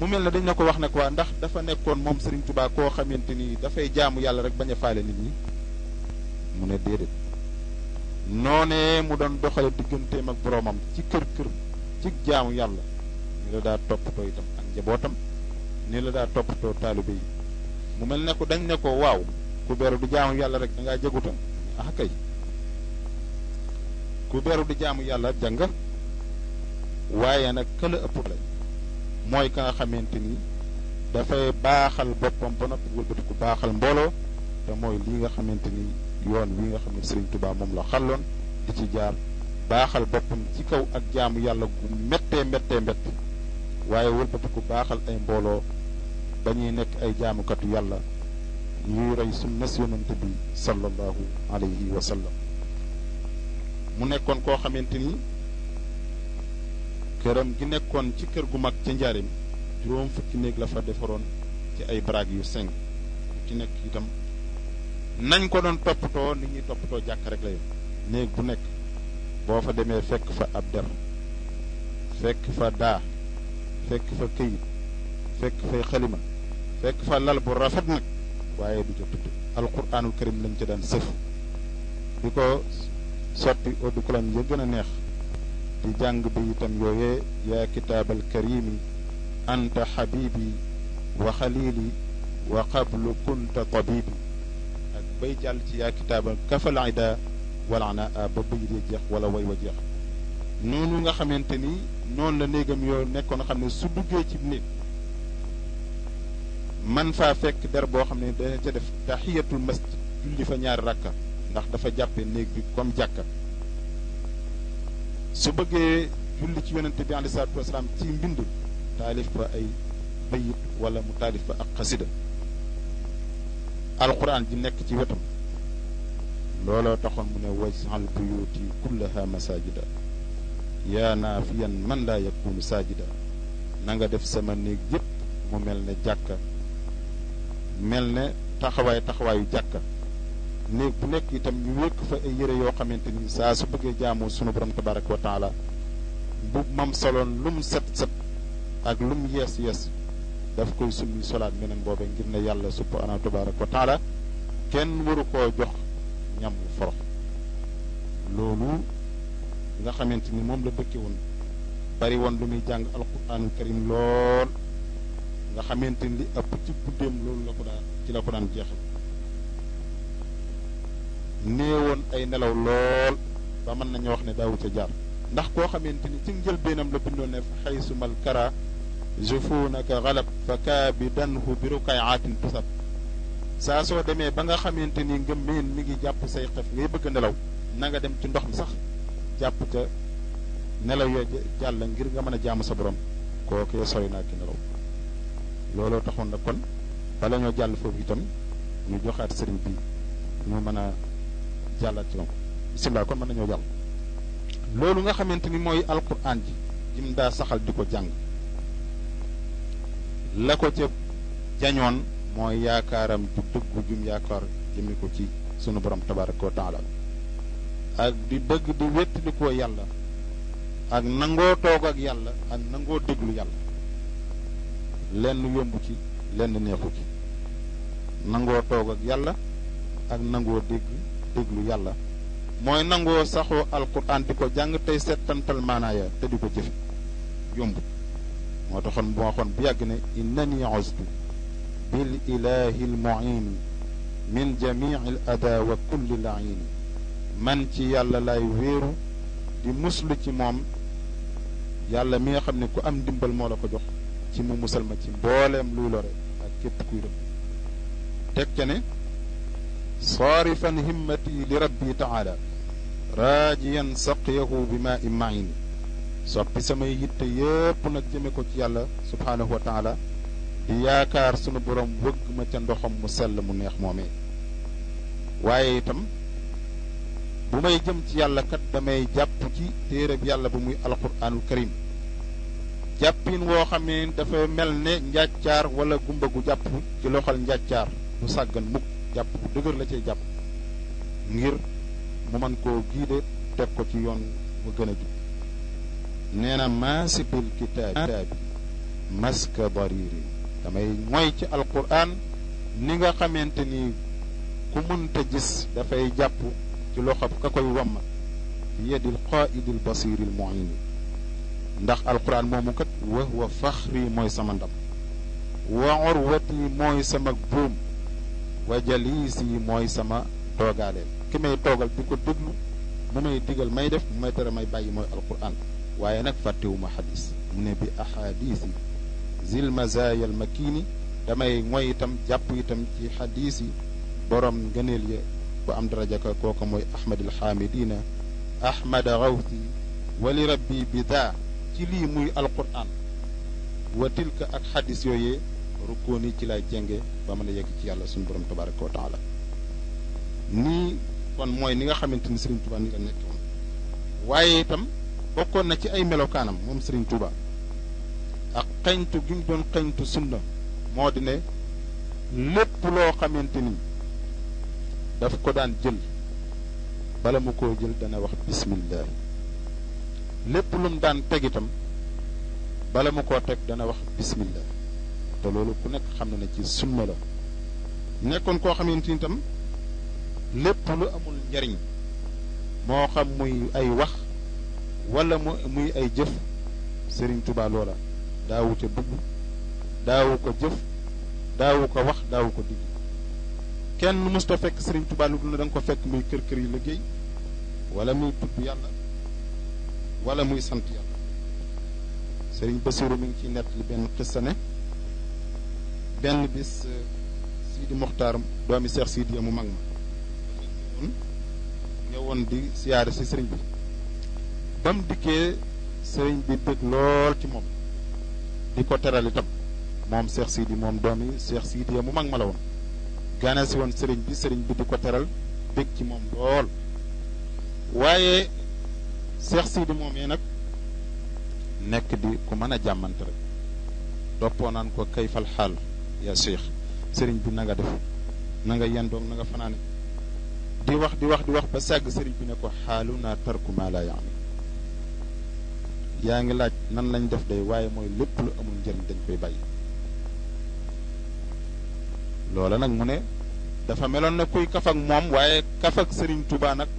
mu mel ne dañ na ko wax nag waa ndax dafa nekkoon moom Serigne Touba koo xamante ni dafay jaamu yàlla rek bañ a faale nit ñi mu ne déedéet noonee mu doon doxale digganteem ak boroomam ci kër kër ci jaamu yàlla ni la daa toppatoo itam ak njabootam ni la daa toppatoo taalibe yi mu mel ne ko dañ ne ko waaw ku beeru di jaamu yàlla rek dangaa ngaa jagutam ah kay ku beeru di jaamu yàlla jàng waaye nag këla ëpp la mooy ka nga xamante ni dafay baaxal boppam ba noppi wëlbatiku baaxal mbooloo te mooy lii nga xamante ni yoon wi nga xam ne Serigne moom la xalloon di ci jaar baaxal boppam ci kaw ak jaamu yàlla gu méttee méttee mbett waaye wëlbatiku baaxal ay mbooloo ba ñuy nekk ay jaamukatu yàlla ñuy roy sunnas yonante bi sallallahu alayhi wa sallam mu nekkoon koo xamante ni këram gi nekkoon ci kër gu mag ci njaarim juróom fukki néeg la fa defaroon ci ay baraag yu seng ci nekk itam nañ ko doon toppatoo nit ñuy toppatoo jàkk rek la néeg bu nekk boo fa demee fekk fa ab der fekk fa daa fekk fa këyit fekk fay xalima fekk fa lal bu rafet nag waaye du ca tudd alquranul karim lañ ci daan sëf di ko sotti eau de cologne ya gën a neex di jàng bayitam yooyee yaa kitaabal karimi anta xabibi wa xalili wa qablu kunta tabibi ak bay jàll ci yaa kitaabal kafal ida walana a ba bayit ya jeex wala way wa jeex noonu nga xamante ni noonu la néegam yoo nekkoon xam ne su duggee ci néeg man faa fekk der boo xam ne dana ca def taxiyatul masjid julli fa ñaari rakka ndax dafa jàppe néeg bi comme jàkka su bëggee julli ci yonente bi alei salatu wasalaam ci mbind taalif fa ay bayit wala mu taalif fa ak xasida alquran ji nekk ci wetum looloo taxoon mu ne wajal buyuti kullaha masajida yaa naafiyan man laa yakunu saajida na def sama néeg yépp mu mel ne jàkka mel ne taxawaay taxawaayu jàkka néeg bu nekk itam ñu wékk fa ay yére yoo xamante ni saa su bëggee jaamoo sunu borom tabaraka wa taala bu mam soloon lu mu set set ak lu mu yees yees daf koy summi solaat meneen boobe ngir ne yàlla subhanahu tabaraka wa taala kenn waru ko jox ñam wu forox loolu nga xamante ni moom la dëkke woon bari woon lu muy jàng alquranul karim lool nga xamante ni li ëpp ci guddeem loolu la ko daan ci la ko daan jeexal néewoon ay nelaw lool ba mën nañu wax ne daawu ca jaar ndax koo xamante ni ci njëlbeenam la bindoon ne xay sumal kara jufunaka xalab fa kaabidanhu bi rukaatin tusab saa soo demee ba nga xamante ni nga meen mi ngi jàpp say xef ngay bëgg nelaw na nga dem ci ndox mi sax jàpp ca nelaw yoo jàll ngir nga mën a jaamu sa borom kookee sori naa ki nelaw looloo taxoon na kon bala ñoo jàll foofu itam ñu joxaat sëriñ bi mën a jàll ci na ko kon mën nañoo jàll loolu nga xamante ni mooy alquran ji jim daa saxal di ko jàng la ko ca jañoon mooy yaakaaram ju jum yaakaar jëme ko ci sunu borom tabaraka wa taala ak di bëgg di wéttalikoo yàlla ak nangoo ak yàlla ak nangoo déglu yàlla lenn yomb ci lenn nangoo toog ak yàlla ak nangoo dégg déglu yàlla mooy nangoo saxoo alquran di ko jàng tey settantal maanaa te di ko jëfe yomb moo taxoon bu ma waxoon bu yàgg ne innani ostu bil ilahi l muin min jamii l ada wa kulli lain man ci yàlla lay wéeru di muslu ci moom yàlla mi nga xam ne ku am ndimbal moo la ko jox ci mu musal ma ci mbooleem luy lore ak képp kuy rëbb teg ne saarifan himmati li rabbi taala raajiyan saqiyahu bi maa i maini soppi samay yitte yépp nag jëme ko ci yàlla subhaanahu wa taala di yaakaar sunu borom wëgg ma ca ndoxam mu sell mu neex moomee waaye itam bu may jëm ci yàlla kat damay jàpp ci téereb yàlla bu muy alquraanul karim jàppin woo xam ne dafa mel ne njàccaar wala gumba gu jàpp ci loxol njàccaar du sàggan mukk jàpp bu dëgër la cay jàpp ngir mu man koo guider teg ko ci yoon ba gën a jub nee na maasibul kitaabi maska bariri damay moy ci alquran ni nga xamante ni ku mënta gis dafay jàpp ci loxo ka koy wamm fi yadil qaidil basiril muini ndax alquran moomu kat wa faxri mooy sama ndam wa urwati mooy sama buum wa jaliis yi mooy sama toogaaleel ki may toogal di ko déglu mu may digal may def mu may tere may bàyyi mooy alquran waaye nag fàttewuma xadis mu ne bi ahadis yi zil mazayal makini damay mooy itam jàpp itam ci xadis yi borom ngëneel ya bu am daraja ko kooku mooy ahmadil xaamidina ahmada rawti wali rabbi bidaa ci lii muy alquran wa tilka ak xadis yooyee rukkoo ni ci laay jenge ba mën a yegg ci yàlla suñu borom tabaraka wa taala nii kon mooy ni nga xamante ni Serigne Touba ni la nekk waaye itam bokkoon na ci ay melokaanam moom Serigne Touba ak xeñtu gi mu doon xeñtu sunna moo di ne lépp loo xamante ni daf ko daan jël bala mu ko jël dana wax bismillah lépp lu daan teg itam bala mu ko teg dana wax bismillah te loolu ku nekk xam na ne ci sunna la nekkoon koo xamante ni lépp lu amul njariñ moo xam muy ay wax walla mu muy ay jëf sëriñ Touba loola daawu ca dugg daawu ko jëf daawu ko wax daawu ko digg kenn mësta fekk sëriñ Touba lu dul na da ko fekk muy kër kër yi liggéey wala muy tudd yàlla wala muy sant yàlla Serigne Bassirou mi ngi ciy nett li benn xissa ne benn bis euh, Sidi Mokhtar doomi Cheikh Sidi mu mag ma hmm? ñëwoon di siyaare si sëriñ bi ba dikkee sëriñ bi bëgg lool ci moom di ko teral itam moom seex Sidi moom doomi Cheikh Sidi mu mag ma la woon gane si woon sëriñ bi sëriñ bi di ko teral bëgg ci moom lool waaye Cheikh Sidi moom yi nag nekk di ku mën a jàmmante rek doppoonaan ko kayfal xaal yaa sëriñ bi na nga def na nga yendoog na nga fanaane di wax di wax di wax ba sàgg sëriñ bi ne ko xaalu naa tarku maa laa yaa ngi laaj nan lañ def day waaye mooy lépp lu amul njëriñ dañ koy bàyyi loola nag mu ne dafa meloon na kuy kafak moom waaye kafak sëriñ Tuubaa nag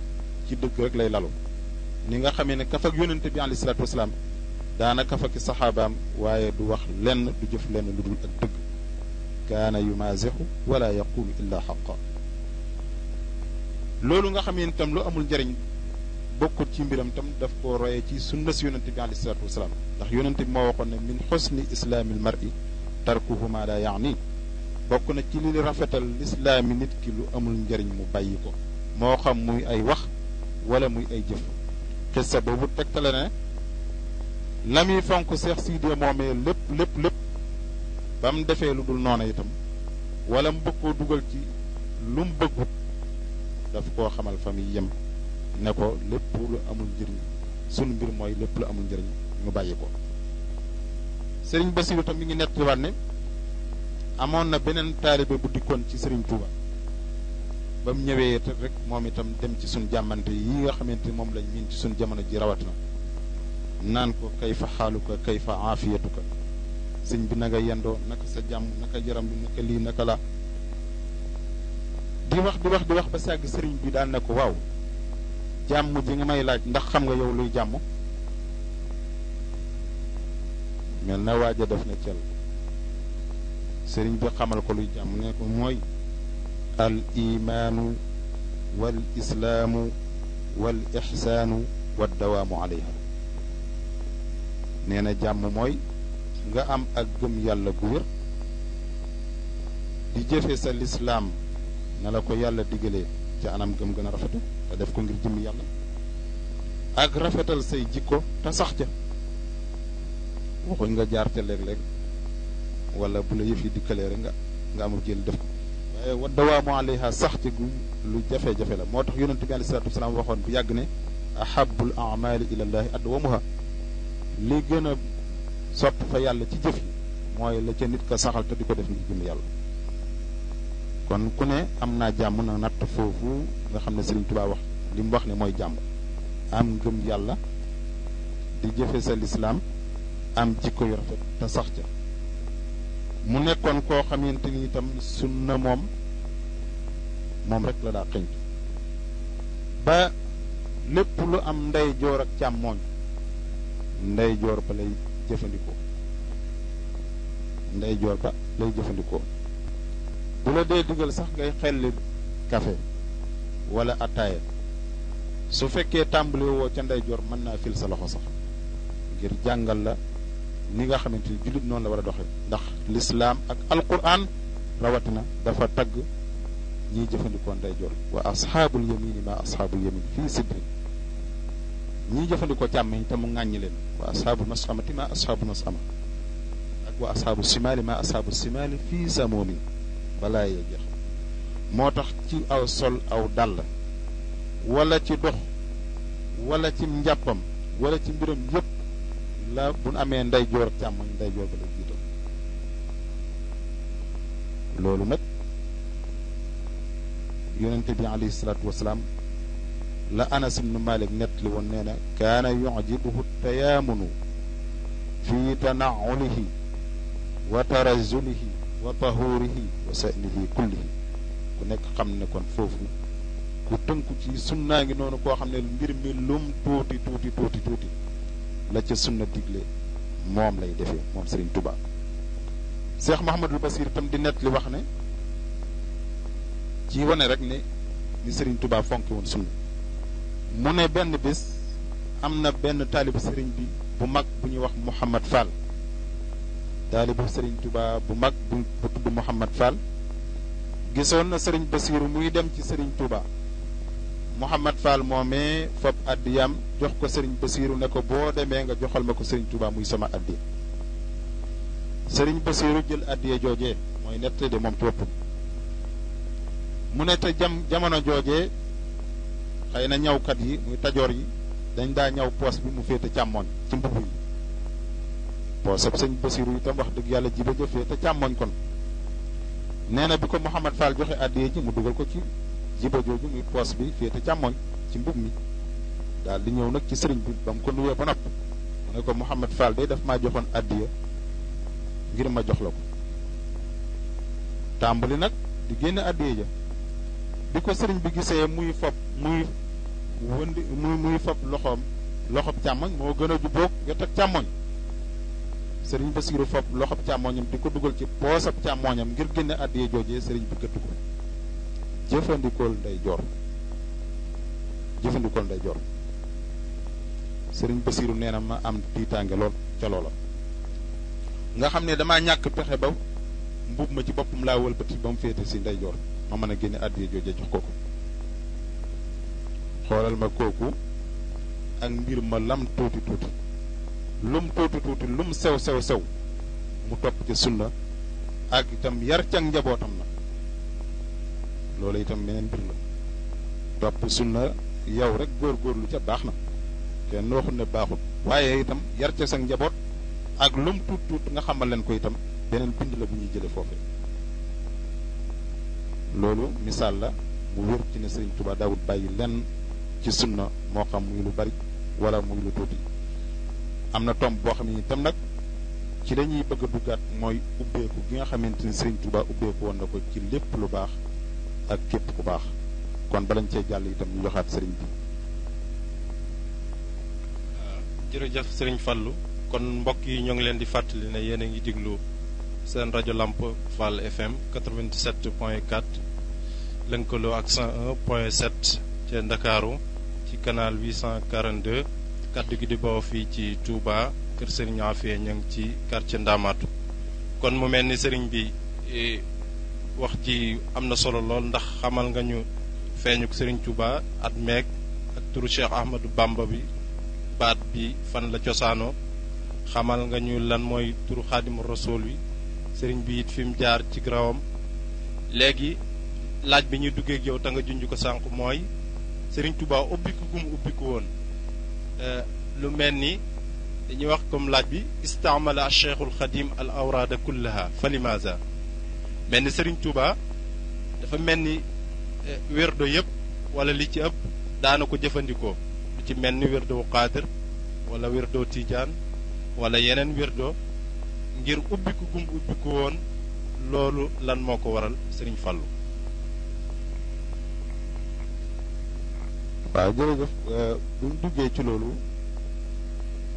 ci dëgg rek lay lalu ni nga xame ne kafak yónnente bi alayhi salaatu wasalaam daana kafaki saxaabaam waaye du wax lenn du jëf lenn lu dul ak dëgg kaana yumaasixu wala yaqulu illa xaqa loolu nga xamee tam lu amul njariñ bokkut ci mbiram tam daf ko royee ci sunna si yonente bi alayhi salaatu ndax yonente moo waxoon ne min xusni islaamil mar'i tarkuhu ma la yaani bokk na ci li rafetal lislaami nit ki lu amul njariñ mu bàyyi ko moo xam muy ay wax wala muy ay jëf xissa boobu tegtale ne la muy fonk seex siidee moomee lépp lépp lépp ba mu defee lu dul noona itam wala mu bëgg koo dugal ci lu mu bëggut daf koo xamal fa muy yem ne ko lépp lu amul njëriñ sunu mbir mooy lépp lu amul njëriñ ñu bàyyi ko sëriñ Basiru tam mi ngi nettaliwaat ne amoon na beneen taalibe bu kon ci sëriñ Touba ba mu ñëwee te rek moom itam dem ci suñ jàmmante yi nga xamante moom lañ miin ci suñ jamono ji rawatina naan ko kay fa xaalu ko kay fa aafiyatuka sëñ bi na yendoo naka sa jàmm naka yaram bi naka lii naka la di wax di wax di wax ba sàgg sëriñ bi daal na ko waaw jàmm ji nga may laaj ndax xam nga yow luy jàmm mel na waaja def na cel sëriñ bi xamal ko luy jàmm ne ko mooy al imaanu wal islaamu wal ixsaanu na jàmm mooy nga am ak gëm yàlla gu wér di jëfe sa lislaam na la ko yàlla digalee ca anam gëm gën a rafete te def ko ngir jëm yàlla ak rafetal say jikko te sax ca waxuñ nga jaar ca léeg-léeg wala bu la yëf yi dikkalee rek nga nga amul jël def ko waaye wa dawaamu alayha sax ci gu lu jafe-jafe la moo tax yonent bi aleyhi salaatu wasalaam waxoon bu yàgg ne ahabul amali ilallahi adwamuha li gën sotti fa yàlla ci jëf yi mooy la ca nit ko saxal te di ko def ngi gëm yàlla kon ku ne am naa jàmm na natt foofu nga xam ne Sëriñ Tuubaa wax li wax ne mooy jàmm am ngëm yàlla di jëfe sa lislaam am jikko yu rafet te sax ca mu nekkoon koo xamante ni itam sunna moom moom rek la daa xëñtu ba lépp lu am ndeyjoor ak càmmooñ ndeyjoor ba lay jëfandikoo ndeyjoor ba lay jëfandikoo bu la dee digal sax ngay xelli kafe wala attaaya su fekkee tàmbali woo ca ndeyjoor mën naa fil sa loxo sax ngir jàngal la ni nga xamante ni jullit noonu la war a doxe ndax lislaam ak alquran na dafa tagg ñiy jëfandikoo ndeyjoor waa asxaabul yamini ma asxaabul yamin fii sidrin ñii jëfandikoo càmmiñ te mu ŋàññi leen waa asxaabu masxamati ma asxaabu masxama ak waa asxaabu simaali ma asxaabu simaali fii samoomin balaa yee jeex moo tax ci aw sol aw dàll wala ci dox wala ci njàppam wala ci mbiram yépp la bu nu amee nday joor ak càmmoñ nday joor ba la jiital loolu nag yonente bi alayhi salaatu wasalaam la anas ibnu malik nett li woon nee na kaana yujibuhu tayaamunu fi tanaulihi wa tarazulihi wa tahuurihi wa sa'nihi kullihi ku nekk xam ne kon foofu ku tënku ci sunnaa ngi noonu koo xam ne mbir mi lum tuuti tuuti tuuti la ca sunna digle moom lay defee moom Serigne Touba. Cheikh Mouhamadul Basir itam di nett li wax ne ci wane rek ne ni Serigne Touba fonki woon sunna mu ne benn bis am na benn taalibu sëriñ bi bu mag bu ñuy wax Mouhamad Fall taalibu sëriñ Touba bu mag bu tudd Mouhamad Fall gisoon na sëriñ Basiiru muy dem ci sëriñ Touba Mouhamad Fall moomee fab àddiyam jox ko sëriñ Basiiru ne ko boo demee nga joxal ma ko sëriñ Touba muy sama àddiya sëriñ Basiiru jël àddiya joojee mooy nett de moom ci boppam mu ne te jam jamono joojee xëy na ñawkat yi muy tajoor yi dañ daa ñaw poose bi mu féete càmmoñ ci mbubb yi poosab sëñ Basiru itam wax dëgg yàlla jiba ja féete càmmoñ nee na bi ko Mouhamad Fall joxe àddiyee ji mu dugal ko ci jiba jooju muy poos bi féete càmmoñ ci mbub mi daal di ñëw nag ci sëriñ bi ba mu ko nuyoo ba ko Mouhamad Fall day daf maa joxoon àddiya ngir ma jox la ko tàmbali nag di génne àddiya ja bi ko sëriñ bi gisee muy fob muy wëndi muy muy fab loxoom loxob càmmoñ moo gën a jubboog wet ak càmmoñ sëriñ Basiiru fab loxob càmmoñam di ko dugal ci poosab càmmoñam ngir génne àddiyee joojee sëriñ bi gëtt ko jëfandikool nday joor sëriñ Basiiru nee na ma am tiitaange lool ca loola nga xam ne damaa ñàkk pexe ba mbuub ma ci boppam laa wëlbati ba mu féete si nday joor ma mën a génne àddiyee joojee jox ko ko xoolal ma kooku ak mbir ma lam tuuti tuuti lum tuuti tuuti lum sew sew sew mu topp ca sunna ak itam yar ca njabootam na loolu itam beneen mbir la topp sunna yow rek góor-góorlu ca baax na kenn waxul ne baaxul waaye itam yar ca sa njaboot ak lum tuut tuut nga xamal leen ko itam beneen bind la bu ñuy jële foofee loolu misaal la bu wér ci ne Sëriñ Tuubaa daawul bàyyi lenn ci sunna moo xam muy lu bari wala muy lu tuuti am na tomb boo xam ne itam nag ci lañuy ñuy bëgg a duggaat mooy ubbeeku gi nga xamante ni Sëriñ Tuubaa ubbeeku woon na ko ci lépp lu baax ak képp ku baax kon balañ cee jàll itam ñu joxaat sëriñ bi. Euh, jërëjëf sëriñ Fallou kon mbokk yi ñoo ngi leen di fàttali na yéen a ngi diglu seen rajo Lamp Fall FM 97 point 4 lënkaloo ak 101 ca Ndakaaru ci canal 842 kaddu gi di fii ci Touba kër Serigne Afia ña ngi ci quartier Ndamatou kon mu mel ni Serigne bi e, wax ji am na solo lool ndax xamal nga ñu feeñu Serigne Touba at meeg ak turu Cheikh Ahmadou bàmba bi baat bi fan la cosaanoo xamal nga ñu lan mooy turu Xaadimu Rasuul wi sëriñ bi it fi mu jaar ci grawam léegi laaj bi ñuy duggee yow te nga junj ko sànq mooy. Sëriñ Touba ubbiku gum ubbiku woon euh, lu mel ni dañuy wax comme laaj bi istaamala cheikhul xadim al awraada kullaha falimaza mel ni Sëriñ Touba dafa mel ni euh, wérdo yépp wala li ci ëpp daana ko jëfandikoo lu ci mel ni wérdowu qaadir wala wérdo tiijaan wala yeneen wérdo ngir ubbiku gum ubbiku woon loolu lan moo ko waral Sëriñ Fallu waaw jërëjëf euh, buñ duggee ci loolu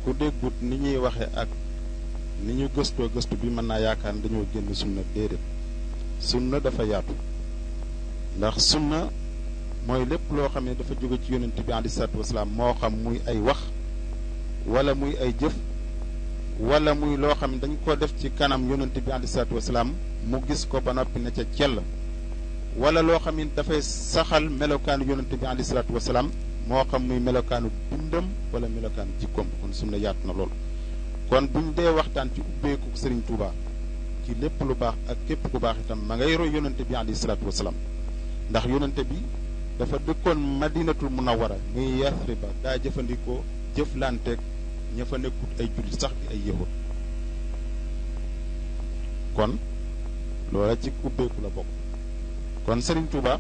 ku déggut ni ñuy waxe ak ni ñu gëstoo gëstu bi mën naa yaakaar ne dañoo génn sunna déedéet sunna dafa yaatu ndax sunna mooy lépp loo xam ne dafa jóge ci yonent bi alayhi salaatu salaam moo xam muy ay wax walla muy ay jëf wala muy loo xam ne dañ ko def ci kanam yonent bi alayhi salaatu wasalaam mu gis ko ba noppi na ca cell wala loo xam ne dafay saxal melokaanu yonente bi alayhi salaatu wasalaam moo xam muy melokaanu dundam wala melokaanu jikkoom kon sunna yaatu na lool kon bu dee waxtaan ci ubbeeku Serigne tuuba ci lépp lu baax ak képp ku baax itam ma ngay roy yonente bi alayhi salaatu wasalaam ndax yonente bi dafa dëkkoon madinatul munawara muy ba daa jëfandikoo jëflanteeg ña fa nekkut ay julli sax ay yahud kon loola ci ubbeeku la bokk kon Serigne Touba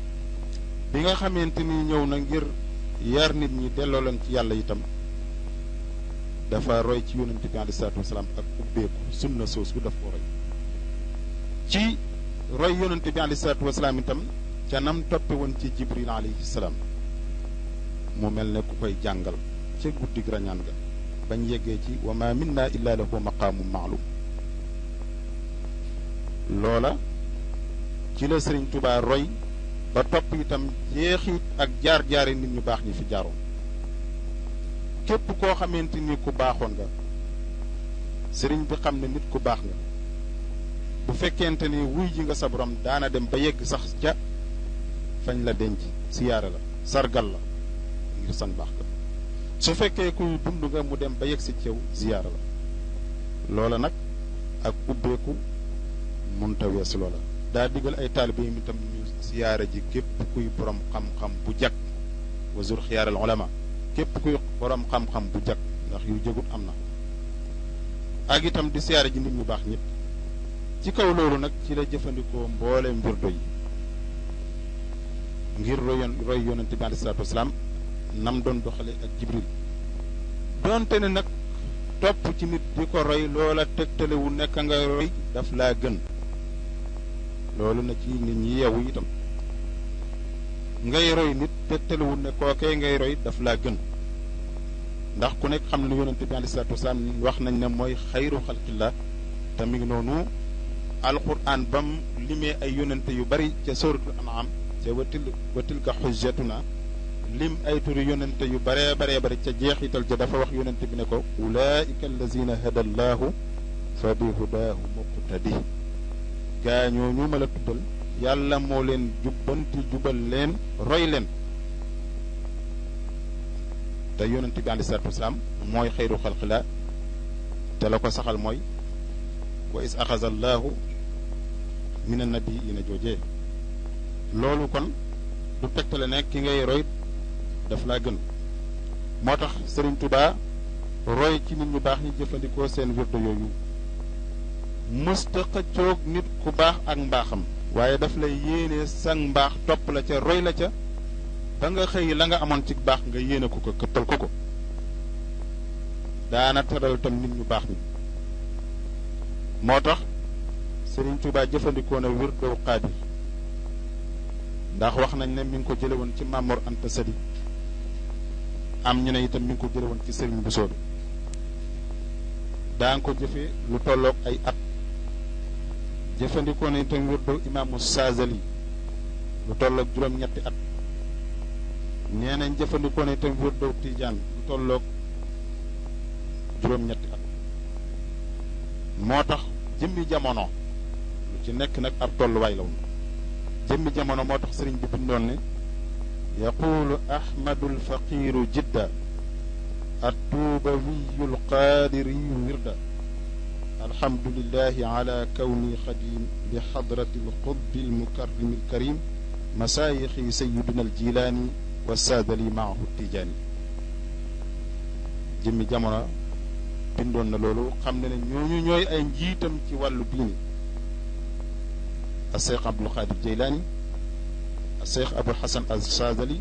bi nga xamante ni ñëw na ngir yar nit ñi delloo leen ci yàlla itam dafa roy ci yonent bi aleyhi salaatu wasalaam ak ubbeeku sunna soos bu daf ko roy ci roy yonent bi aleyhi salaatu wasalaam itam ca nam toppe woon ci Jibril aleyhi salaam mu mel ni ku koy jàngal ca guddi rañaan ga bañ yeggee ci wa ma minna illa lahu maqaamu maalum loola ci la sëriñ Touba roy ba topp itam jeexit ak jaar-jaari nit ñu baax ñi fi jaaroon képp koo xamante ni ku baaxoon nga sëriñ bi xam ne nit ku baax nga bu fekkente ni wuy ji nga sa borom daana dem ba yegg sax ca fañ la denc siyaare la sargal la ngir san baax ga su fekkee kuy dund nga mu dem ba yegg si cew ziyaara la loola nag ak ubbeeku munta weesu loola daa digal ay taalibe yi tam ñu siyaara ji képp kuy borom xam-xam bu jag wa zur xiyaaral ulama képp kuy borom xam-xam bu jag ndax yu jagut am na ak itam di siyaara ji nit ñu baax ñëpp ci kaw loolu nag ci la jëfandikoo mbooleem mbirdo yi ngir roy roy yonente bi alayhi salaatu wasalaam nam doon doxale ak jibril doonte ne nag topp ci nit di ko roy loola tegtale wu nekk nga roy daf laa gën loolu na ci nit ñi yeewu itam ngay roy nit te telewul ne kookee ngay roy daf laa gën ndax ku nekk xam ne yonente bi alayhi salaatu wasalaam wax nañ ne mooy xayru xalqillah te mi ngi noonu alquran bam limee ay yonente yu bari ca sóoratul anam ca watil watilka na lim ay turi yonente yu baree baree bari ca jeexital ja dafa wax yonente bi ne ko ulaika allazina hada allahu fa bi hudaahu muqtadi gaa ñooñu ma la tuddal yàlla moo leen jubbanti jubal leen roy leen te yonent bi aleyhi salaatu wasalaam mooy xayru xalqila te la ko saxal mooy wa is axaza allahu min annabiyina jooje loolu kon du tegtale nag ki ngay roy daf laa gën moo tax Sëriñ Tuubaa roy ci nit ñu baax ñi jëfandikoo seen wirdo yooyu mësta xëccoog nit ku baax ak mbaaxam waaye daf lay yéene sang mbaax topp la ca roy la ca ba nga xëy la nga amoon ci baax nga yéene ko ko këppal ko ko daana teral tam nit ñu baax ñi moo tax Sëriñ Tuubaa jëfandikoo na wirdu Xaadir ndax wax nañ ne mu ngi ko jële woon ci Mamoor Anta am ñu ne itam mi ngi ko jële woon ci Sëriñ bu bi daa nga ko jëfee lu tollook ay at jëfandikoo na itam wërdal imaamu saazali lu tolloog juróom-ñetti at nee nañ jëfandikoo na itam wërdal tijaan lu tolloog juróom-ñetti at moo tax jëmmi jamono lu ci nekk nag ab tolluwaay la woon jëmmi jamono moo tax sëriñ bi bindoon ne yaquulu ahmadul faqiiru jidda at tuubawiyu lqaadiriyu wirda alhamdulilahi ala kawni xadim bi xadrati lxutbi almukarrimi alkarim masaayixi sayiduna aljilaani wa saadali maahu tijaani jëmmi jamono bindoon na loolu xam ne ne ñooñu ñooy ay njiitam ci wàllu diine aseex abdul xaadir jeylaani aseex abul xasan al saadali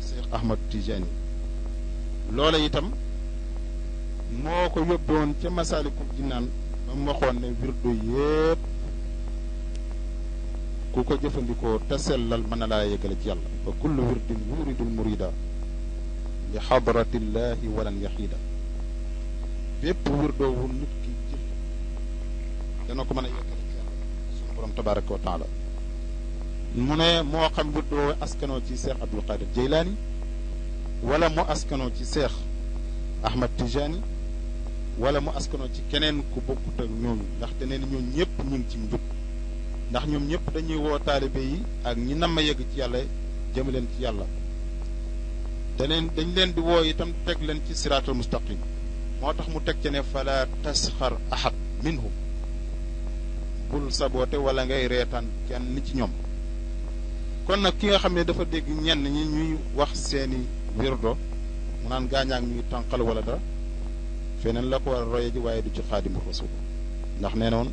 aseex ahmad tijaani loola itam moo ko yóbboon ca Masaalikul Jinaan ba mu waxoon ne wirdu yépp ku ko jëfandikoo te sellal mën na laa yëgale ci yàlla fa kullu wirdin yuridul murida li xadratillaahi walan yaxiida bépp wirdoo nit ki jëf dana ko mën a yëgale ci yàlla mu ne moo xam wirdoo askanoo ci seex abdul qadir jeylaani wala mu askanoo ci seex ahmad tijaani wala mu askanoo ci keneen ku bokkut ak ñooñu ndax nee na ñooñu ñëpp ñu ngi ci njub ndax ñoom ñëpp dañuy woo taalibe yi ak ñi nam ma ci yàlla jëm leen ci yàlla daneen dañ leen di woo itam teg leen ci siraatal mustaqim moo tax mu teg ci ne fala tasxar ahad minhum bul saboote wala ngay reetaan kenn ci ñoom kon nag ki nga xam ne dafa dégg ñenn ñi ñuy wax seeni wirdo mu naan gaañaak ñuy tànqal wala dara feneen la ko war a roye ji waaye du ci xaadimu rasul ndax nee noon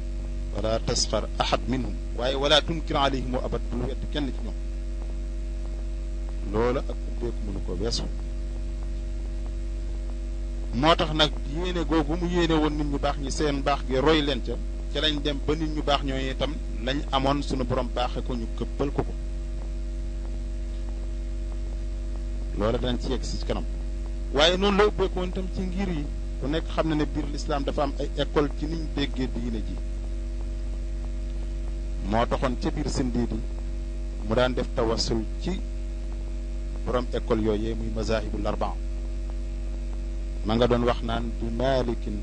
wala tasxar ahad minhum waaye wala tunkir alayhim wa abad bul wedd kenn ci ñoom loola ak ubbeeku mënu ko weesu moo tax nag yéene googu mu yéene woon nit ñu baax ñi seen baax gi roy leen ca ca lañ dem ba nit ñu baax ñooy itam lañ amoon sunu boroom baaxe ko ñu këppal ko ko loola danañ ci yegg si kanam waaye noonu la ubbeeku woon itam ci ngir yi ku nekk xam na ne biir lislaam dafa am ay école ci niñ déggee diine ji moo taxoon ca biir sindiidi mu daan def tawasul ci borom école yooyee muy mazahibul arbaa ma nga doon wax naan bi malikin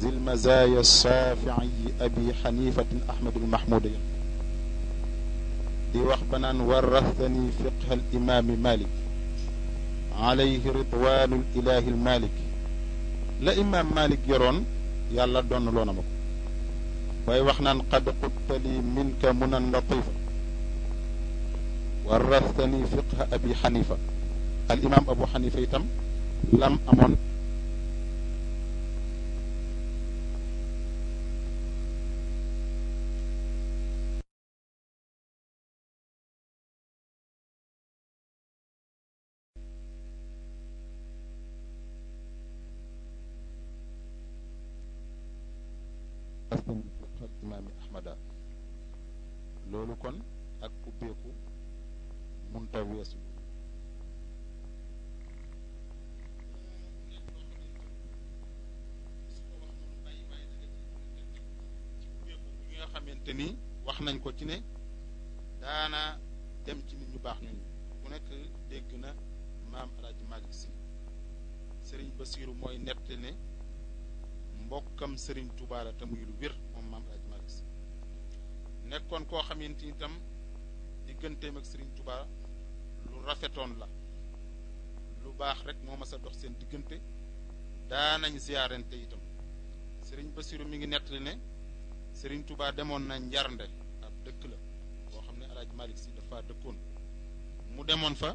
zil mazaya saafiiyi abi xanifatin ahmadul mahmudiya di wax ba naan warathani fiqha al imaami malik alayhi ridwanul ilahi al malik la imaam Malik yoroon yàlla donn loona ma ko mooy wax naan qad quttalii minka munan latifa warastani fiqha abi xanifa al imaam abu xanifa itam lam amoon ci ne daana dem ci nit ñu baax ñooñu bu nekk dégg na maam Alaaji Malick Sëriñ Basiiru mooy nett ne mbokkam Sëriñ tubaa la te muy lu wér moom maam Alaaji Malick nekkoon koo xamante ni itam digganteem ak Sëriñ tubaa lu rafetoon la lu baax rek moo mas dox seen diggante daanañ ziyaarante itam Sëriñ Basiiru mi ngi nett ne Sëriñ tubaa demoon na njarnde dëkk la boo xam ne El Hadj si dafa dëkkoon mu demoon fa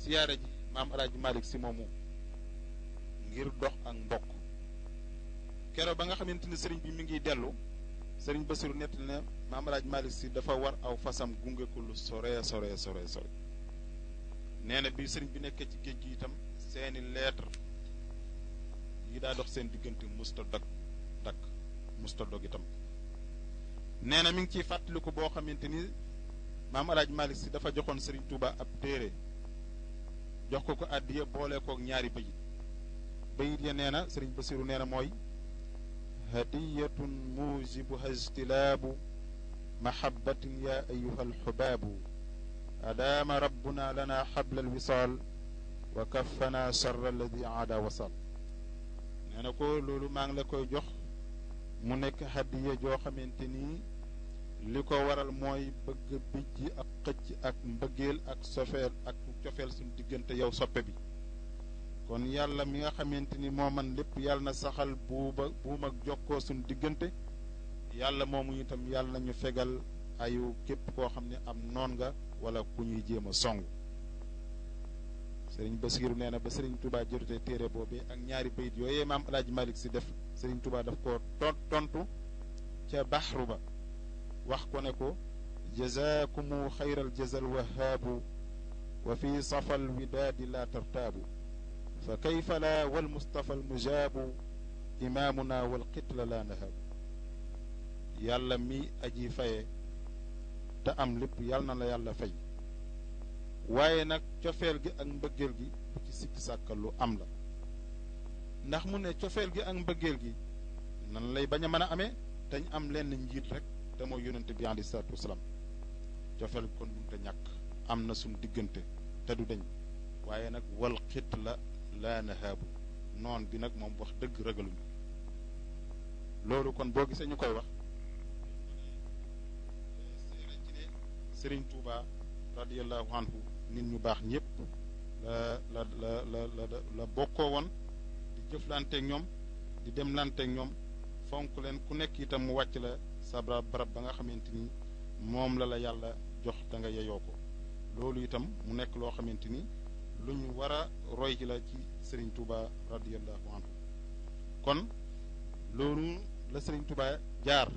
siyaare ji maam El Hadj si moomu ngir dox ak mbokk keroog ba nga xamante ni sëriñ bi mi ngi dellu sëriñ ba Basiru nett na maam El Hadj si dafa war aw fasam gunge ko sore sore sore sore nee na bi sëriñ bi nekkee ci géej gi itam seeni lettre ngi daa dox seen diggante musta dog dakk musta dog itam nee na mi ngi ciy fàttaliku boo xamante ni maam alaaj Malick si dafa joxoon Serigne Touba ab téere jox ko ko àddiya boole kook ñaari bayit bayit ya nee na Serigne Basiru nee mooy hadiyatun muujibuha ijtilaabu mahabbatin yaa ayuha alxubaabu adaama rabbuna lana xabla alwisaal wa kaffana charra alladi aada wasal nee ko loolu maa ngi la koy jox mu nekk hadiya joo xamante li ko waral mooy bëgg bijj ak xëcc ak mbëggeel ak sofeel ak cofeel suñu diggante yow soppe bi kon yàlla mi nga xamante ni moo man lépp yàlla na saxal buuba buum ak jokkoo suñu diggante yàlla moomu itam yàlla na ñu fegal ayu képp koo xam ne am noon nga wala ku ñuy jéem a song ba Basiiru nee na ba sëriñ Touba jotutee téere boobee ak ñaari bayit yooyee maam El malik si def sëriñ Touba daf ko tontu ca baxru ba wax ko ne ko jazaakumu xayral jazal wahaabu wa fi safal widaadi laa tartaabu fa kayfa laa wal mustafa al mujaabu imaamuna wal qitla laa nahaabu yàlla mi aji faye te am lépp yàlla na la yàlla fay waaye nag cofeel gi ak mbëggeel gi bu ci sikki sàkkal lu am la ndax mu ne cofeel gi ak mbëggeel gi nan lay bañ a mën a amee dañ am lenn njiit rek te mooy yonent bi alayhi salaatu wasalaam cofeel kon mënut a ñàkk am na suñ diggante te du dañ waaye nag wal xit la laa nahaabu noon bi nag moom wax dëgg ragaluñu loolu kon boo gisee ñu koy wax Serigne Touba radiyallahu anhu nit ñu baax ñëpp la la la la bokkoo woon di jëflanteeg ñoom di demlanteeg ñoom fonk leen ku nekk itam mu wàcc la sa barab ba nga xamante ni moom la la yàlla jox te nga yeyoo ko loolu itam mu nekk loo xamante ni lu ñu war a roy ci la ci sëriñ Touba radiyallahu anhu kon loolu la sëriñ Touba jaar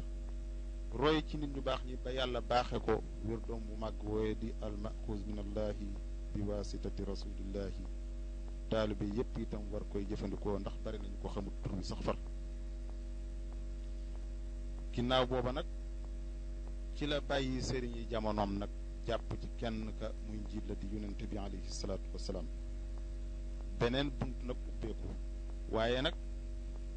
roy ci nit ñu baax ñi ba yàlla baaxe ko wér doom bu màgg wooye di almaxuus min allahi bi wasitati rasulillahi taalibe yépp itam war koy jëfandikoo ndax bari nañu ko xamul tur bi sax far ginnaaw booba nag ci la bàyyi sëriñ yi jamonoom nag jàpp ci kenn ka muy njiit la di yonent bi alayhi salaatu wasalaam beneen bunt nag ubbeeku waaye nag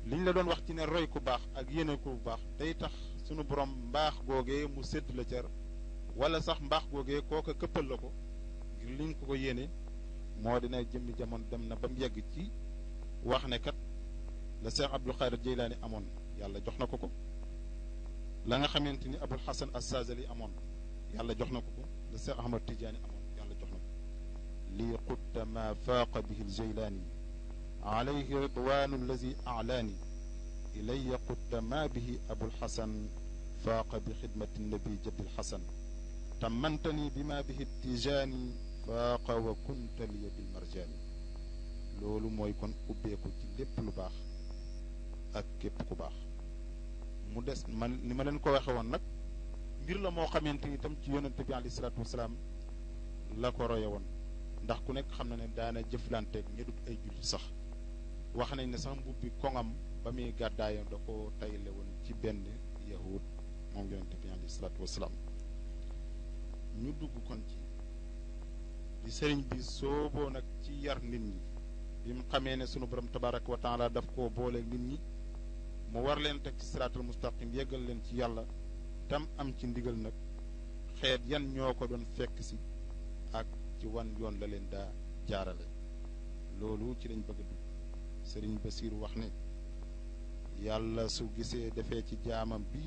liñ la doon wax ci ne roy ku baax ak yéene bu baax day tax sunu borom mbaax googee mu sédd la car wala sax mbaax googee kooka këppal la ko ngir liñ ko ko yéene moo dina jëmmi jamono dem na ba mu yegg ci wax ne kat la Seex Abdul Xaadir Jeylaani amoon yàlla jox na ko ko la nga xamante ni Abul Hasan As-Sazali amoon yàlla jox na ko ko la Seex Ahmad Tijaani amoon yàlla jox na ko lii qutta ma faaqa bihi al-Jaylaani alayhi ridwaanu allazi alaani ilaya qutta ma bihi Abul Hasan faaqa bi xidmati nabi jaddi al-Hasan tammantani bima bihi Tijaani faaqa wa kunta liya bil marjaani loolu mooy kon ubbeeku ci lépp lu baax ak képp ku baax mu des man ni ma leen ko waxe woon nag mbir la moo xamante ni itam ci yonente bi alayhi salaatu wasalaam la ko roye woon ndax ku nekk xam na ne daana jëflanteeg ñi ay jullit sax wax nañ ne sax mbubb bi koŋam ba muy gàddaayo da ko tayle woon ci benn yahud moom yonente bi alayhi salaatu wasalaam ñu dugg kon ci di sëriñ bi sooboo nag ci yar nit ñi bi mu xamee ne sunu borom tabarak wa taala daf koo boole nit ñi mu war leen teg ci siraatul mustaqim yëgal leen ci yàlla tam am ci ndigal nag xeet yan ñoo ko doon fekk si ak ci wan yoon la leen daa jaarale loolu ci lañ bëgg a dugg sëriñ Basiir wax ne yàlla su gisee defee ci jaamam bi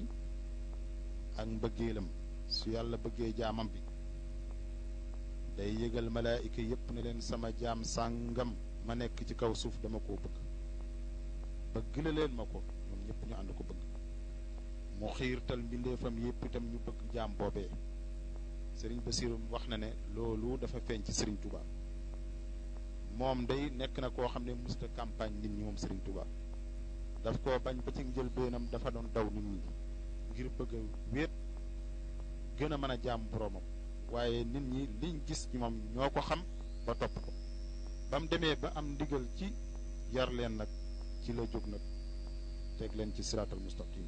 ak mbëggeelam su yàlla bëggee jaamam bi day yëgal malaayika yépp ne leen sama jaam sàngam ma nekk ci kaw suuf dama koo bëgg bëgg la leen ma ko yëpp ñu ànd ko bëgg mu xiirtal mbindeefam yëpp itam ñu bëgg jaam boobee Serigne Bassirou wax na ne loolu dafa feeñ ci Serigne Touba moom day nekk na koo xam ne musta campagne nit ñi moom Serigne Touba daf koo bañ ba ci njëlbeenam dafa doon daw nit ñi ngir bëgg wéet gën a mën a jaam boroomam waaye nit ñi liñ gis ci moom ñoo ko xam ba topp ko ba demee ba am ndigal ci yar leen nag ci la jóg nag teg lañ ci siraatal mustaqim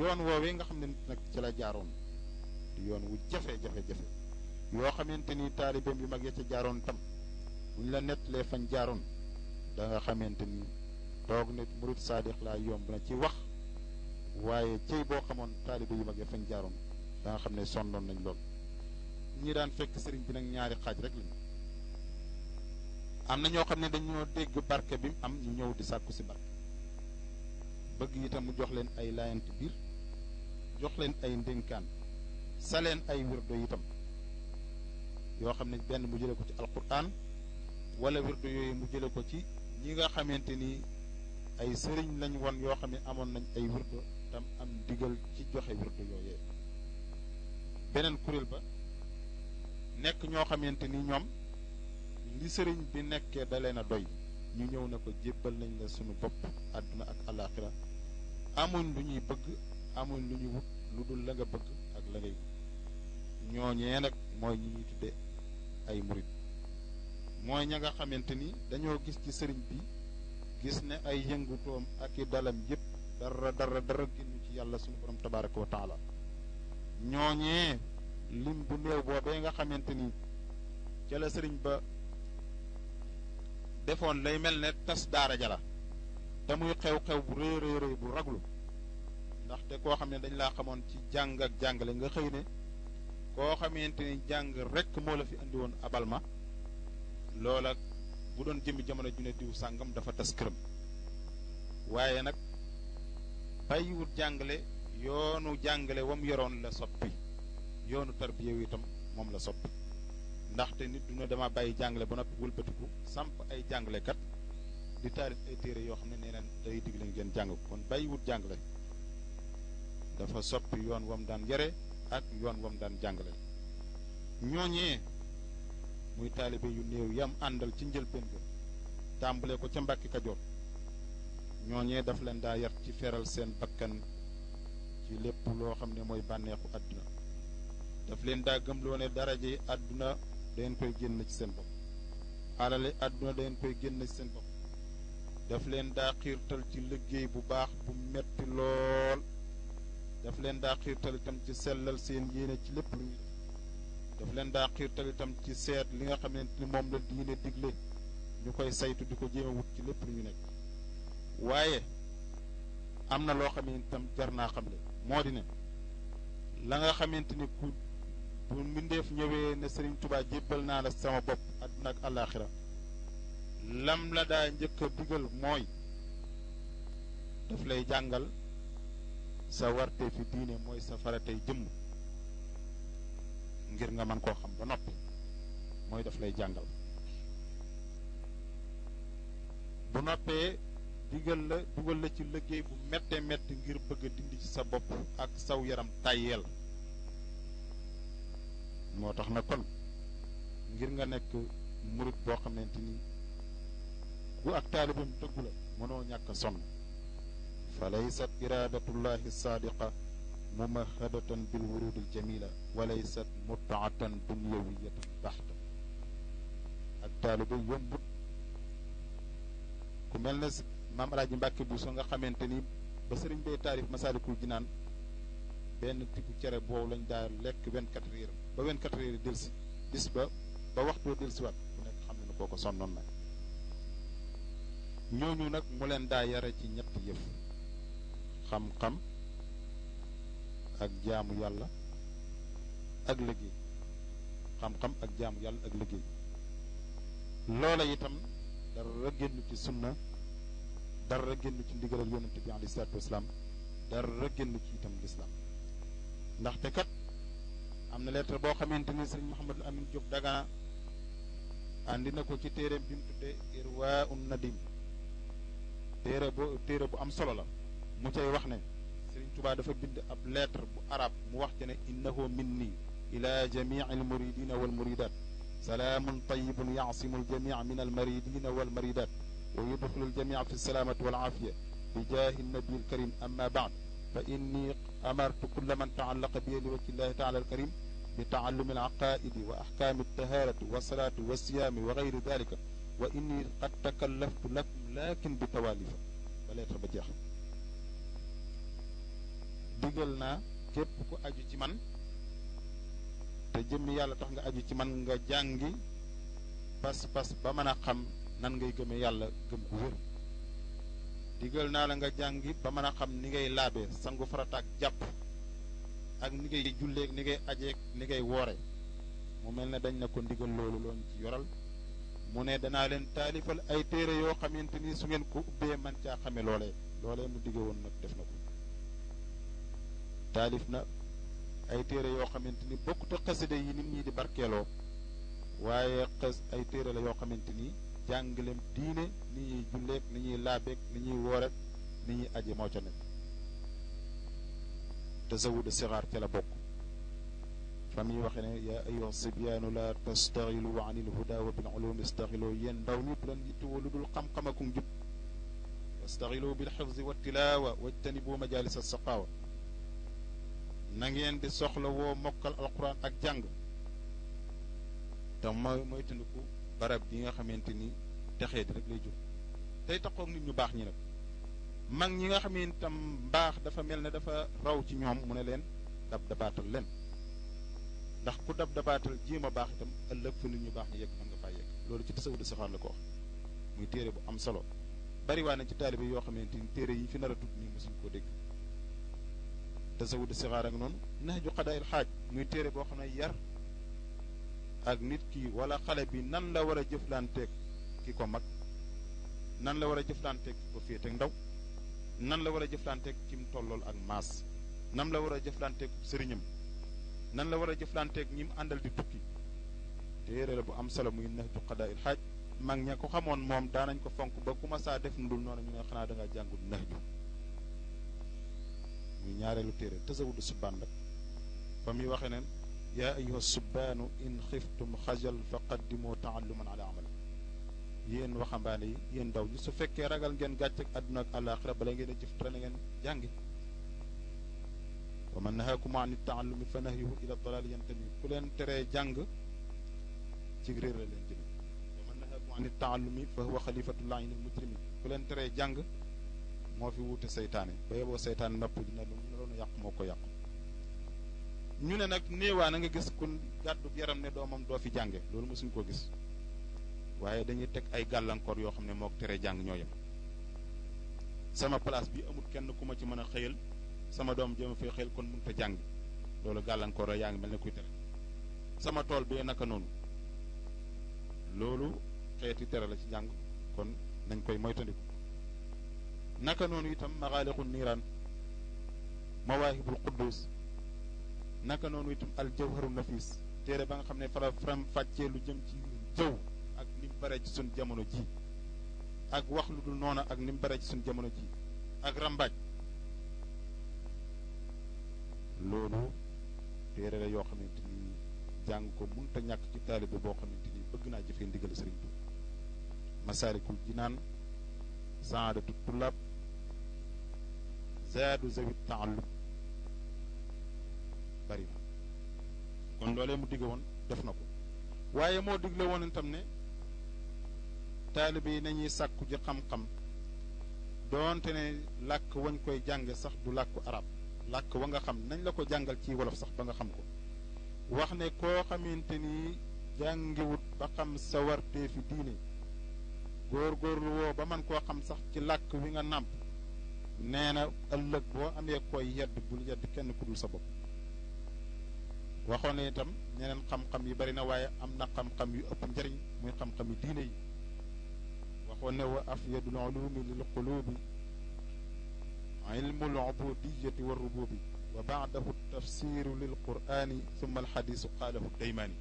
yoon woowee nga xam ne nag ci la jaaroon di yoon wu jafe-jafe-jafe yoo xamante ni taalibeem yu mag ya ca jaaroon tam buñ la nettalee fañ jaaroon da nga xamante ni toog ne murit saadix laa yomb na ci wax waaye cey boo xamoon taalibe yu mag ya fañ jaaroon da xam ne sonnoon nañ lool ñi daan fekk sëriñ bi nag ñaari xaaj rek lañu am na ñoo xam ne dañoo dégg barke bi am ñu ñëw di sàkku si barke bëgg itam mu jox leen ay laayant biir jox leen ay ndénkaan sa leen ay wirdo itam yoo xam ne benn mu jële ko ci alquran wala wirdo yooyu mu jële ko ci ñi nga xamante ni ay sëriñ lañ woon yoo xam ne amoon nañ ay wirdo tam am digal ci joxe wirdo yooyee beneen kuréel ba nekk ñoo xamante ni ñoom li sëriñ bi nekkee da leen a doy ñu ñëw na ko jébbal nañ la suñu bopp àdduna ak alaxira amuñ lu ñuy bëgg amoon lu ñu wut lu dul la nga bëgg ak la ngay ñooñee nag mooy ñi ñuy tudde ay murit mooy ña nga xamante ni dañoo gis ci sëriñ bi gis ne ay yëngutoom ak i dalam yépp dara dara dara génn ci yàlla suñu borom tabaraka wa taala ñooñee lim bu néew boobee nga xamante ni ca la sëriñ ba defoon lay mel ne tas daara jala te muy xew-xew bu rëy rëy rëy bu raglu ndaxte koo xam ne dañ laa xamoon ci jàng ak jàngale nga xëy ne koo xamante ni jàng rek moo la fi indi woon abal ma loola bu doon jëmmi jamono ju ne diw sàngam dafa tas këram waaye nag bàyyiwut jàngale yoonu jàngale wam yoroon la soppi yoonu tarbiya wi itam moom la soppi ndaxte nit du ne dama bàyyi jàngale ba noppi wëlbatiku samp ay jàngalekat di taalif ay téere yoo xam ne nee neen day digle ngeen jàng kon bàyyiwut jàngale dafa soppi yoon wam daan yare ak yoon wam daan jàngale ñooñee muy taalibe yu néew yam àndal ci njëlbeen ga tàmbale ko ca Mbàkke Kajoor ñooñee daf leen daa yar ci feral seen bakkan ci lépp loo xam ne mooy bànneexu àdduna daf leen daa gëmloo ne daraje àdduna dangeen koy génn ci seen bopp alale àdduna dangeen koy génn ci seen bopp daf leen daa xiirtal ci liggéey bu baax bu metti lool leen daa xiirtal itam ci sellal seen yéene ci lépp lu ñuy def daf leen daa xiir talitam ci seet li nga xamante ni moom la diine digle ñu koy saytu di ko jéem wut ci lépp lu ñu nekk waaye am na loo xam ne itam jar naa xam le moo di ne la nga xamante ni ku bu mbindeef ñëwee ne Serigne Touba jébbal naa la sama bopp àdduna ak àllaaxira lam la daa njëkk a digal mooy daf lay jàngal sa warte fi diine mooy safara tey jëmm ngir nga man koo xam ba noppi mooy daf lay jàngal bu noppee digal la dugal la ci liggéey bu mette mett ngir bëgg a dindi ci sa bopp ak saw yaram tàyyeel moo tax nag kon ngir nga nekk murit boo xamante ni bu ak taalibeem dëggu la mënoo ñàkk a sonn fa laysat iradatullahi saadiqa mumahadatan bil wurudil jamila wa laysat mutaatan dunyawiyatan baxta ak taalibe yombut ku mel ne maam alaaji mbàkke bu so nga xamante ni ba sëriñ bay taarif masaalikul naan benn tibb cere boobu lañ daa lekk vingt quatre heures ba vingt quatre heures yi delsi bis ba ba waxtoo delsiwaat ku nekk xam ne ne kooko sonnoon na ñooñu nag mu leen daa yare ci ñett yëf xam-xam ak jaamu yàlla ak liggéey xam ak jaamu yàlla ak liggéey loola itam dara génn ci sunna dara génn ci ndigalal yonente bi alayhi salaatu wasalaam dara génn ci itam lislaam ndaxte kat am na lettre boo xamante ni sëriñ Mouhamadul Amin Diop Dagana andi na ko ci téere bi mu tuddee Irwa un Nadim téere bu bu am solo la mu cay wax ne sëriñ Tuubaa dafa bind ab lettre bu arab mu wax ci ne innahu minni ila jamii al muridina wal muridat salaamun tayibun yaasimu al jamii min al maridina wal maridat wa yudxilu al jamii fi salaamati wal aafiya bi jaahi nabi al karim amma baad fa inni amartu kulla man taallaqa bi li wajhi llahi taala alkarim bi taallumi alaqaidi wa ahkaami altahaarati wa salaati wa siyaami wa gayri dalika wa inni qad takallaftu lakum lakin bi tawaalifa ba lettre ba jeex digal naa képp ku aju ci man te jëmmi yàlla tax nga aju ci man nga jàngi pas-pas ba mën a xam nan ngay gëmee yàlla gëm gu digal naa la nga jàngi ba mën a xam ni ngay laabe sangu farataak jàpp ak ni ngay julleeg ni ngay ajeeg ni ngay woore mu mel ne dañ na ko ndigal loolu loon ci yoral mu ne danaa leen taalifal ay téere yoo xamante ni su ngeen ko ubbee man caa xame loole loole mu digge woon nag def na ko taalif na ay téere yoo xamante ni bokkute xasida yi nit ñi di barkeeloo waaye xas ay téere la yoo xamante ni jàngaleem diine ni ñuy julleeg ni ñuy laabeeg ni ñuy wooreeg ni ñuy aje moo ca nekk tazawudu sixaar ca la bokk fa muy waxee ne yaa ayyuha sibyaanu laa tastaxilu an il huda wa bil ulum istaxiloo yéen ndaw ñi bu leen yittewoo lu dul xam-xam akum jub wastaxilu bil xifzi wa tilaawa wajtanibu majalis saqaawa na ngeen di soxla woo mokkal alquran ak jàng te mooy moytandiku barab bi nga xamante ni texee di rek lay jur tey taxoog nit ñu baax ñi nag mag ñi nga xam ne itam mbaax dafa mel ne dafa raw ci ñoom mu ne leen dab dabaatal leen ndax ku dab dabaatal jéem a baax itam ëllëg fa nit ñu baax ñi yegg mën nga faa yegg loolu ci tasawudu saxaar la ko wax muy téere bu am solo bariwaa na ci taalibe yoo xamante ni téere yi fi nar a tudd nii mosuñ koo dégg tasawudu saxaar ak noonu naaju xadaayil xaaj muy téere boo xam ne yar ak nit kii wala xale bi nan la war a jëflanteeg ki ko mag nan la war a jëflanteeg ki ko féete ndaw nan la war a jëflanteeg ki mu tollool ak maas nan la war a jëflanteeg sëriñam nan la war a jëflanteeg ñi mu àndal di tukki téere la bu am solo muy Nahju Qadaa'il Haaj mag ña ko xamoon moom daanañ ko fonk ba ku ma saa def ndul noonu ñu ne xanaa da nga jàngul Nahju muy ñaareelu téere Tazawudu Subaan nag fa muy waxee neen yaa ayuha subbaanu in xiftum xajal fa qaddimoo taalluman ala amal yéen waxambaane yi yéen ndaw ñi su fekkee ragal ngeen gàcc ak àdduna ak àllaaxira bala ngeen a jëf dara na ngeen jàngi wa man nahaakum an taallumi fa nahyuhu ila dalaali yantami ku leen teree jàng ci réer la leen jëmi wa man nahaakum an taallumi fa huwa xalifatu laayinil mujrimin ku leen teree jàng moo fi wuute seytaane ba yeboo seytaan napp dina lu mu ne loonu yàq moo ko yàq ñu ne nag néewaa a nga gis kun gàddu yaram ne doomam doo fi jànge loolu mosuñ koo gis waaye dañuy teg ay gàllankoor yoo xam ne mook tere jàng ñoo yem sama place bi amul kenn ku ma ci mën a xëyal sama doom jëma fee xëyal kon mun a jàng loolu gàllankoor la yaa ngi mel ne kuy tere sama tool bee naka noonu loolu xeeti tere la ci jàng kon nañ koy moytandiku naka noonu itam maxaaliqu niiraan mawaahibul quddus naka noonu itam al jawharu nafis téere ba nga xam ne fala faram fàccee lu jëm ci jëw ak ni bare ci suñ jamono ji ak wax lu dul noona ak ni mu bare ci suñ jamono ji ak rambaaj loolu téere la yoo xamante ni jàng ko mënta ñàkk ci taalibe boo xamante ni bëgg naa jëfee ndigal sëriñ bi masaalikul jinaan saadatu tullaab zaadu zawit taallum bari na kon loolee mu digg woon def na ko waaye moo digle woon itam ne taalibe yi nañuy sàkku ji xam-xam doonte ne làkk wañ koy jànge sax du làkku arab làkk wa nga xam nañ la ko jàngal ci wolof sax ba nga xam ko wax ne koo xamante ni jàngiwut ba xam sa wartee fi diine góorgóorlu woo ba mën koo xam sax ci làkk wi nga nàmp nee na ëllëg boo amee koy yedd bul yedd kenn ku sa bopp waxoon na itam ñeneen xam-xam yi bari na waaye am na xam-xam yu ëpp njariñ muy xam-xam yu diine yi waxoon ne wa afyadul ulumi lil qulubi ilmul ubudiyati wa rububi wa baadahu tafsiru lil qurani summa al xadisu qaalahu daymaani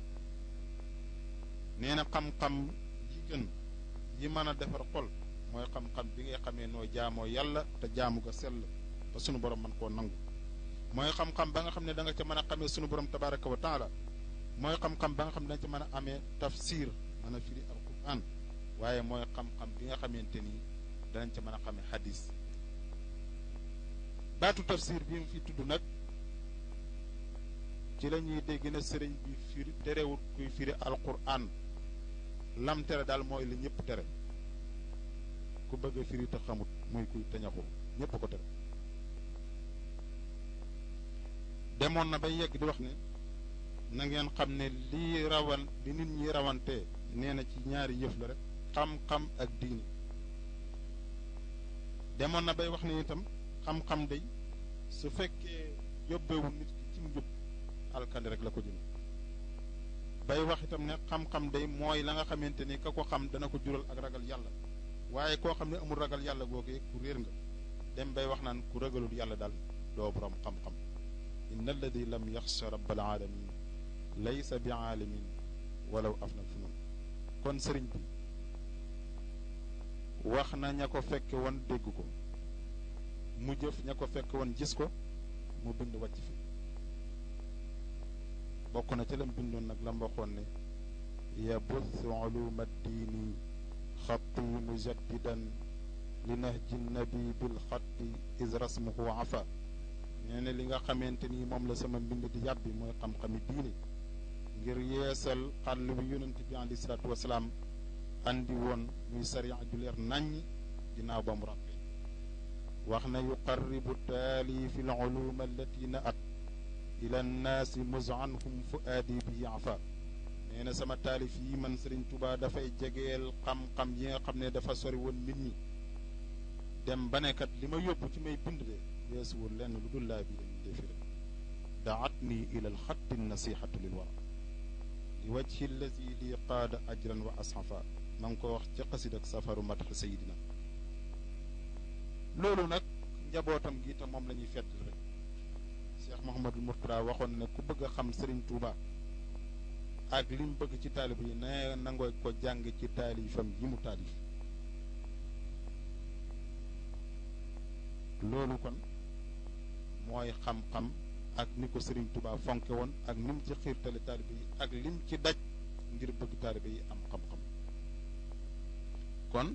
nee na xam-xam yi gën yi mën a defar xol mooy xam-xam bi ngay xamee noo jaamoo yalla te jaamu ga sell te sunu borom mën koo nangu mooy xam-xam ba nga xam ne da nga ca mën a xamee sunu borom tabaraka wa la mooy xam-xam ba nga xam ne da nga ca mën a amee tafsir mën a firi alquran waaye mooy xam-xam nga xamante ni danañ ca mën a xamee xadis baatu tafsir bi mu fi tudd nag ci la ñuy dégg na sëriñ bi firi terewut kuy firi alquran lam tere daal mooy la ñëpp tere ku bëgg a te xamut muy kuy teñaxu ñëpp ko tere demoon na bay yegg di wax ne na ngeen xam ne lii rawan li nit ñi rawantee nee na ci ñaari yëf la rek xam-xam ak diine demoon na bay wax ne itam xam-xam day su fekkee yóbbewu nit ki ci njub alkande rek la ko jëm bay wax itam ne xam-xam day mooy la nga xamante ni ka ko xam dana ko jural ak ragal yàlla waaye koo xam ne amul ragal yàlla googee ku réer nga dem bay wax naan ku ragalul yàlla daal doo borom xam-xam inna alladi lam yaxsha rabbal aalamin laysa bi aalimin walaw af na funun kon sëriñ bi wax na ña ko fekke woon dégg ko mu jëf ña ko fekk woon gis ko mu bind wàcc fi bokk na ca lam bindoon nag lam waxoon ne yabus uluma diini xatti mujaddidan li nahji nabi bil xatti is rasmuhu afa nee na li nga xamante ni moom la sama mbind di yàbbi mooy xam-xami diine ngir yeesal xàll bi yonent bi aleyhi salaatu wasalaam andi woon muy sariya ju leer nàññi ginnaaw ba mu ràppe wax na yuqarribu taali fi lulum allati na at ila nnaasi musanhum fuaadi bihi afa nee na sama taalif yi man Sëriñ Tuubaa dafay jegeel xam-xam yi nga xam ne dafa sori woon nit ñi dem ba nekkat li ma yóbbu ci may bind de weesuwul lenn lu dul laa biir défiré daat nii ilal xatti nasihatu lil wara li wajhi allazi li qaada ajran wa ashafa ma ngi ko wax ci xasid ak safaru matax sayidina loolu nag njabootam gi te moom la ñuy fedd rek Cheikh Mouhamadul Mourtada waxoon ne ku bëgg xam Sëriñ Tuuba ak li mu bëgg ci taalib yi na jàng ci taalifam yi mu taalif loolu kon mooy xam-xam ak ni ko sëriñ Touba fonke woon ak ni mu ci xiirtale taalibe yi ak lim ci daj ngir bëgg taalibe yi am xam-xam kon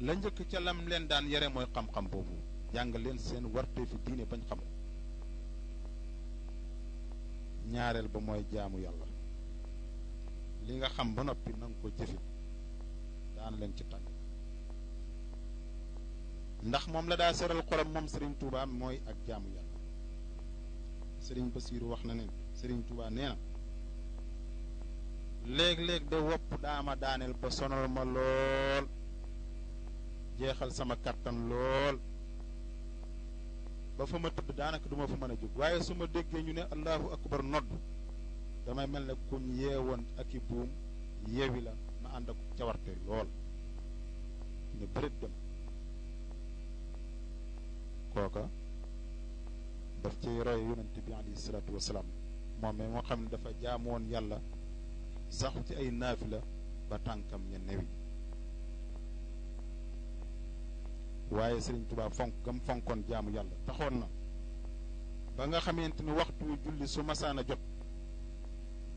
la njëkk ca lam leen daan yare mooy xam-xam boobu jàng leen seen warte fi diine bañ xam ko ñaareel ba mooy jaamu yàlla li nga xam ba noppi na nga ko jëfe daan leen ci tànn ndax moom la daa seral xolam moom sëriñ Touba mooy ak jaamu yàlla sëriñ Basiiru wax na ne sëriñ Tuubaa nee na léeg-léeg de wopp daama daaneel ba sonal ma lool jeexal sama kàttan lool ba fa ma tëdd daanaka duma fa mën a jóg waaye su ma déggee ñu ne allahu akbar nodd damay mel ne kuñ yeewoon ak i buum yeewi la ma ànd ak cawarte lool alayhi salaatu wasalaam moo xam ne dafa jaamoon yàlla saxu ci ay la ba tànkam ya newi waaye Sëriñ Tuubaa fonk gam fonkoon jaamu yàlla taxoon na ba nga xamante ni waxtu julli su masaan a jot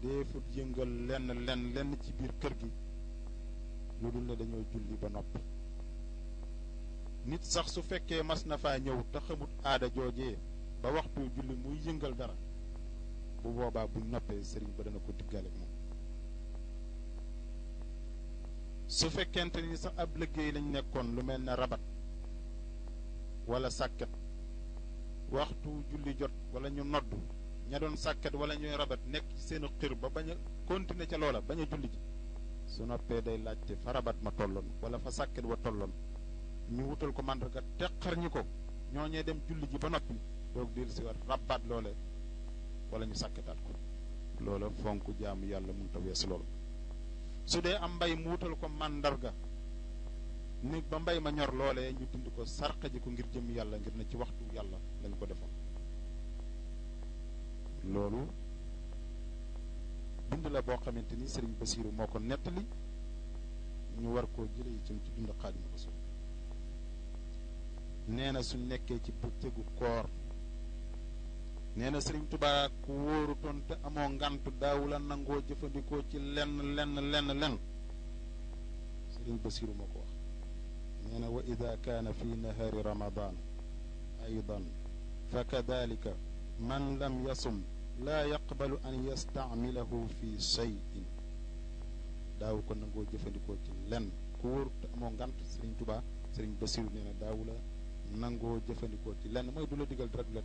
deefut yëngal lenn lenn ci biir kër gi lu dul ne dañoo julli ba noppi nit sax su fekkee mas na faa ñëw te xamut aada joojee ba waxtu julli muy yëngal dara bu boobaa bu noppee sëriñ ba dana ko diggaale moom su fekkente ni sax ab liggéey lañ nekkoon lu mel ne rabat wala sàkket waxtu julli jot wala ñu nodd ña doon sàkket wala ñooy rabat nekk ci seen xir ba bañ a continuer ca loola bañ a julli ji su noppee day laajte fa rabat ma tolloon wala fa sàkket wa tolloon ñu wutal ko màndarga teqar ñi ko ñoo ñee dem julli ji ba noppi doog dellu siwaat rabbaat loole wala ñu sàkkataat ko loola fonk jaamu yàlla mënut a weesu loolu su dee am mbay mu wutal ko màndarga nit ba mbay ma ñor loole ñu dund ko sarqa ko ngir jëm yàlla ngir na ci waxtu yàlla lañ ko defoon loolu dund la boo xamante ni sëriñ Basiiru moo ko nettali ñu war koo jëlee itam ci dund Xaadimu Rasuul nee na suñ nekkee ci bëccëgu koor nee na sëriñ tubaa ku wóorutoon te amoo ngant daawu la nangoo jëfandikoo ci lenn lenn lenn lenn sëriñ basiru ma ko wax nee na wa ida kaana fi nahari ramadan aydan fa kadalika man lam yasum laa yaqbalu an yastacmilahu fi cheyin daawu ko nangoo jëfandikoo ci lenn ku wóorut te amoo ngant sëriñ tubaa sëriñ basiru nee na daawu la nangoo jëfandikoo ci lenn mooy du la digal dara du la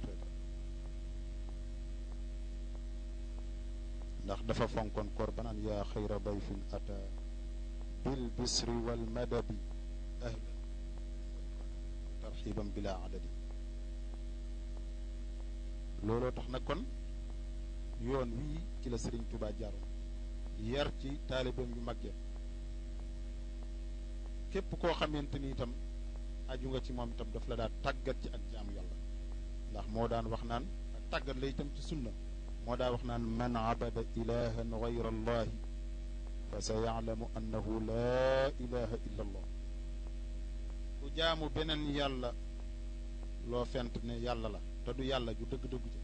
ndax dafa fonkoon kor banaan yaa xayra dayfin ata bil bisri wal madadi ahlan tarxiban bila adadi looloo tax nag kon yoon wii ci la Sëriñ Tuubaa jaaroon yar ci taalibeem yu mag ya képp koo xamante ni itam aju nga ci moom itam daf la daa tàggat ci ak jaam yàlla ndax moo daan wax naan ak tàggat la itam ci sunna moo daa wax naan man abada ilahan gayra allahi fa sa yaalamu annahu laa ilaha illa allah ku jaamu beneen yàlla loo fent ne yàlla la te du yàlla ju dëgg-dëgg ja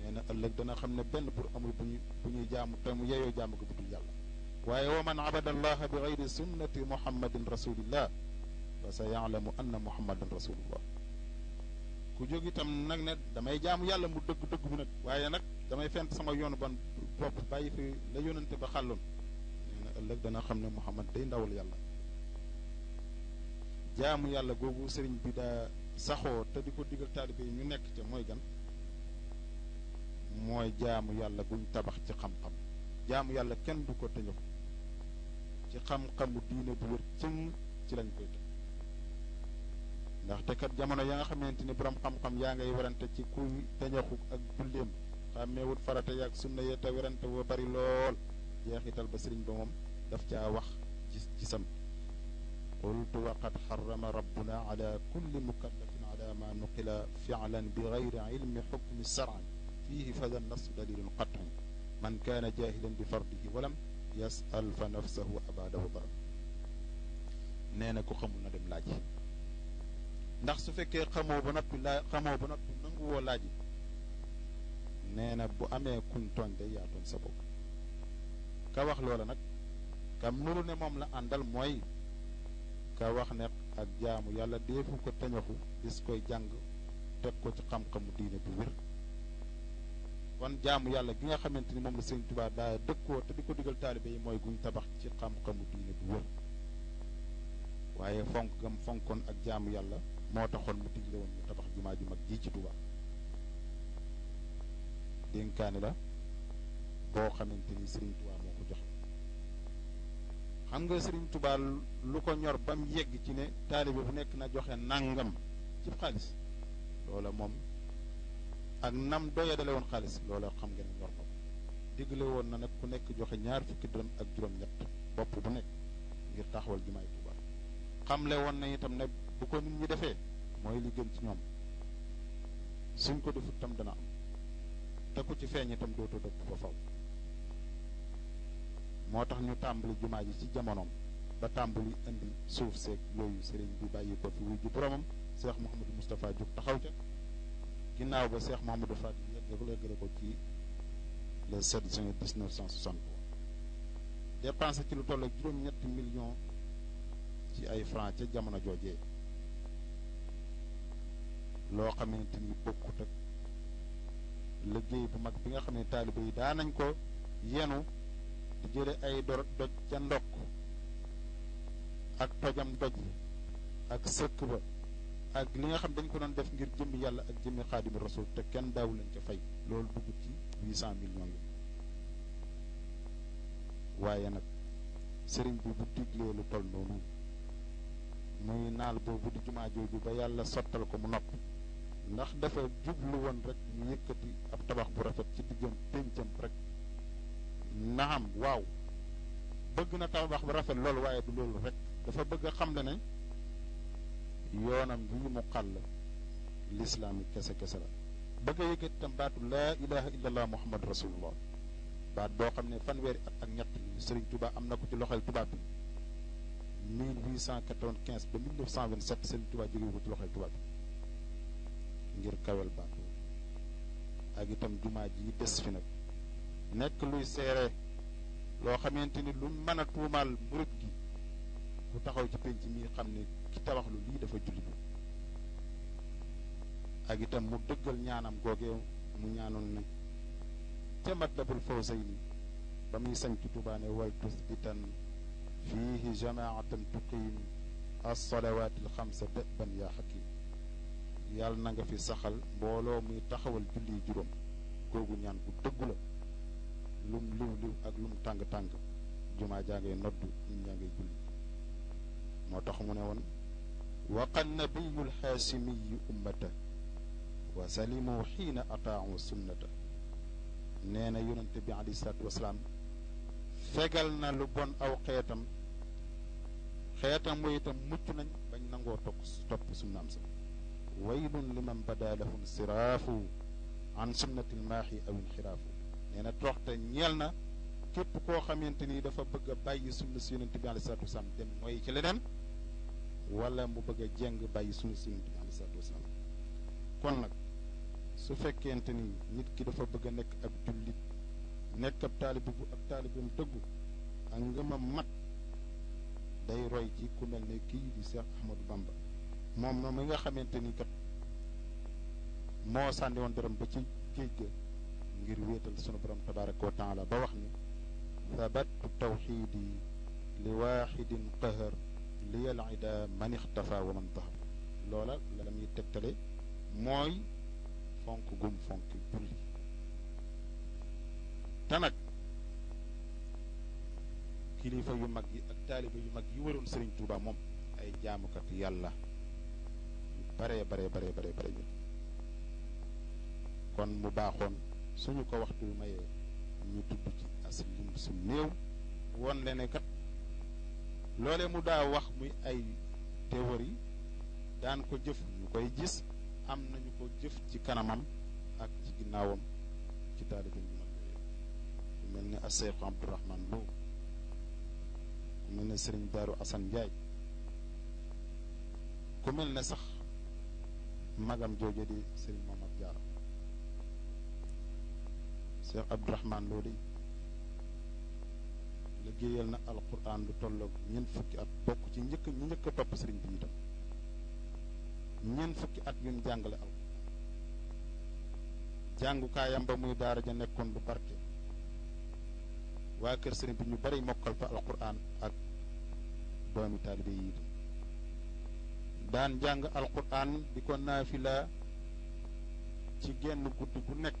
nee na ëllëg dana xam ne benn buur amul bu ñuy bu ñuy jaamu te mu yeyoo jaamu ko bu dul yàlla waaye wa man abada allaha bi gayri sunnati muhammadin rasulillah fa sa yaalamu anna muhammadan rasulullah ku jóg itam nag ne damay jaamu yàlla mu dëgg dëgg mu nag waaye nag damay fent sama yoonu ban bopp bàyyi fi la yónnante ba xàlloon nee na ëllëg dana xam ne Muhammad day ndawal yàlla jaamu yàlla googu sëriñ bi te di ko digal nekk ca mooy gan mooy jaamu yàlla guñ tabax ci xam-xam jaamu yàlla kenn du ko tëñëf ci xam-xamu diine bu wër cëng ci lañ koy teg ndaxte kat jamono ya nga xamante ni borom xam-xam yaa ngay werante ci kuy peñaxu ak julleem xàmmeewut farata yaag sunna yee te werante wa bari lool jeexital ba sëriñ ba moom daf caa wax ci gisam qultu waqad xarama rabbuna ala kulli mukallafin ala ma nuqila filan bi gayri ilmi xukmi saran man kaana jaahilan bi fardihi walam yasal fa nafsahu abadahu daram nee na ku xamul na dem laaj ndax su fekkee xamoo ba noppi laa xamoo ba noppi nanguwoo laaj yi nee na bu amee kuñ tooñ day yaa tooñ sa bopp ka wax loola nag kam nuru ne moom la àndal mooy ka wax ne ak jaamu yàlla deefu ko tañaxu dis koy jàng teg ko ci xam-xamu diine bu wér kon jaamu yàlla gi nga xamante ni moom la Sëñ Tuubaa daa dëkkoo te di ko digal taalibe yi mooy guñ tabax ci xam-xamu diine bu wér waaye fonk gam fonkoon ak jaamu yàlla moo taxoon mu digle woon ñu tabax jumaa ju mag jii ci Touba dénkaane la boo xamante ni Serigne tubaa moo ko joxe xam nga Serigne Touba lu ko ñor ba mu ci ne taalibe bu nekk na joxe nàngam ci xaalis loola moom ak nam doya woon xaalis loola xam nga ne ñor ko digle woon na nag ku nekk joxe ñaar fukki dërëm ak juróom-ñett bopp bu nekk ngir taxawal jumaay Touba xamle woon na itam ne. bu ko nit ñi defee mooy li gën ci ñoom suñ ko defut tam dana am te ku ci feeñ itam dootoo dëpp ba faw moo tax ñu tàmbali jumaa ji ci jamonoom ba tàmbali indi suuf seek yooyu sëriñ bi bàyyi ko fi wuy ji boromam seex Mouhamadou Moustapha jóg taxaw ca ginnaaw ba seex Mouhamadou Fatick yegg ko ci le cent juin 1963 dépensé ci lu toll ak juróom-ñetti millions ci ay francs ca jamono joojee loo xamante ni bokkut ak liggéey bu mag bi nga xam ne taalibe yi daan nañ ko yenu di jële ay dor doj ca ndokk ak tojam doj ak sëkk ba ak li nga xam dañ ko doon def ngir jëmmi yàlla ak jëmmi xaadimu rasul te kenn daaw lañ ca fay loolu dugg ci huit cent millions yi waaye nag sëriñ bi bu diglee lu toll noonu muy naal boobu di jumaa jooju ba yàlla sottal ko mu noppi ndax dafa jublu woon rek yëkkati ab tabax bu rafet ci diggam péncam rek naam waaw bëgg na tabax bu rafet loolu waaye du loolu rek dafa bëgg a xam le ne yoonam bii mu xàll lislaam yi kese kese la bëgg a yëkkati tam baatu laa ilaha illallah muhammad rasulullah baat boo xam ne fanweeri at ak ñett Serigne Touba am na ko ci loxol tubaab bi 1895 ba 1927 Serigne Touba jóge ko ci loxol tubaab bi ngir kawel baat boobu ak itam jumaa ji des fi nag nekk luy seere loo xamante ni lu mën a tuumaal murit gi ku taxaw ci penc mi xam ne ki tabax lu lii dafa jullit ak itam mu dëggal ñaanam googee mu ñaanoon nag ca Matlabul Fawzayni ba muy sañ ci Tuubaa ne wal tusbitan fiihi jamaatan tuqiim as-salawaati al-xamsa dëban yaa xakiim yàlla na nga fi saxal mbooloo muy taxawal julli juróom googu ñaan bu dëggu la lum liw liw ak lum tàng-tàng jumaa jaa ngay nodd ñun ñaa ngay julli moo tax mu ne woon waqal nabiyul xaasimiyi ummata wa salimu xiina ataahu sunnata nee na yonente bi alayhi salaatu wasalaam fegal na lu bon aw xeetam xeetam wa itam mucc nañ bañ nangoo topp topp sunnaam sa waylun liman bada lahum siraafu an sunnati yi aw inxiraafu nee na te ñeel na képp koo xamante ni dafa bëgg a bàyyi sunna si yonente bi alayhi salaatu wasalaam dem mooy ci leneen wala mu bëgg jeng bàyyi sunna si yonente bi kon nag su fekkente ni nit ki dafa bëgg a nekk ab jullit nekk ab taalibe bu ab dëggu ak ngëmam mat day roy ci ku mel ni kii di Seex Ahmadu Bamba moom moom mi nga xamante ni kat moo sànni woon dërëm ba ci géej ga ngir wéetal sunu borom tabaraka wa taala ba wax ni thabattu tawxiidi li waaxidin qahar li yalida man ixtafa wa man dahar loola la la muy tegtale mooy fonk gum fonk julli te nag kilifa yu mag yi ak taaliba yu mag yi waroon Sëriñ Tuuba moom ay jaamukat yàlla bare baree baree baree bare bi kon mu baaxoon suñu ko waxtu mayee ñu tudd ci as su le ne kat loole mu daa wax muy ay théorie daan ko jëf ñu koy gis am nañu ko jëf ci kanamam ak ci ginnaawam ci taalibe mel ni Aseexu Abdourahman Lo ku mel ne Sëriñ Daaru Asan Njaay ku mel ne sax magam jooju di Serigne Momar Diarra Cheikh Abdourahmane Lo dey liggéeyal na alquran lu tolloog ñeent fukki at bokk ci njëkk ñu njëkk a topp Serigne bi itam ñeent fukki at yu jàngale alquran jàngukaayam ba muy daara ja nekkoon lu barke waa kër Serigne bi ñu bari mokkal fa alquran ak doomi taalibe yi daan jàng alquran di ko naafila ci genn guddi gu nekk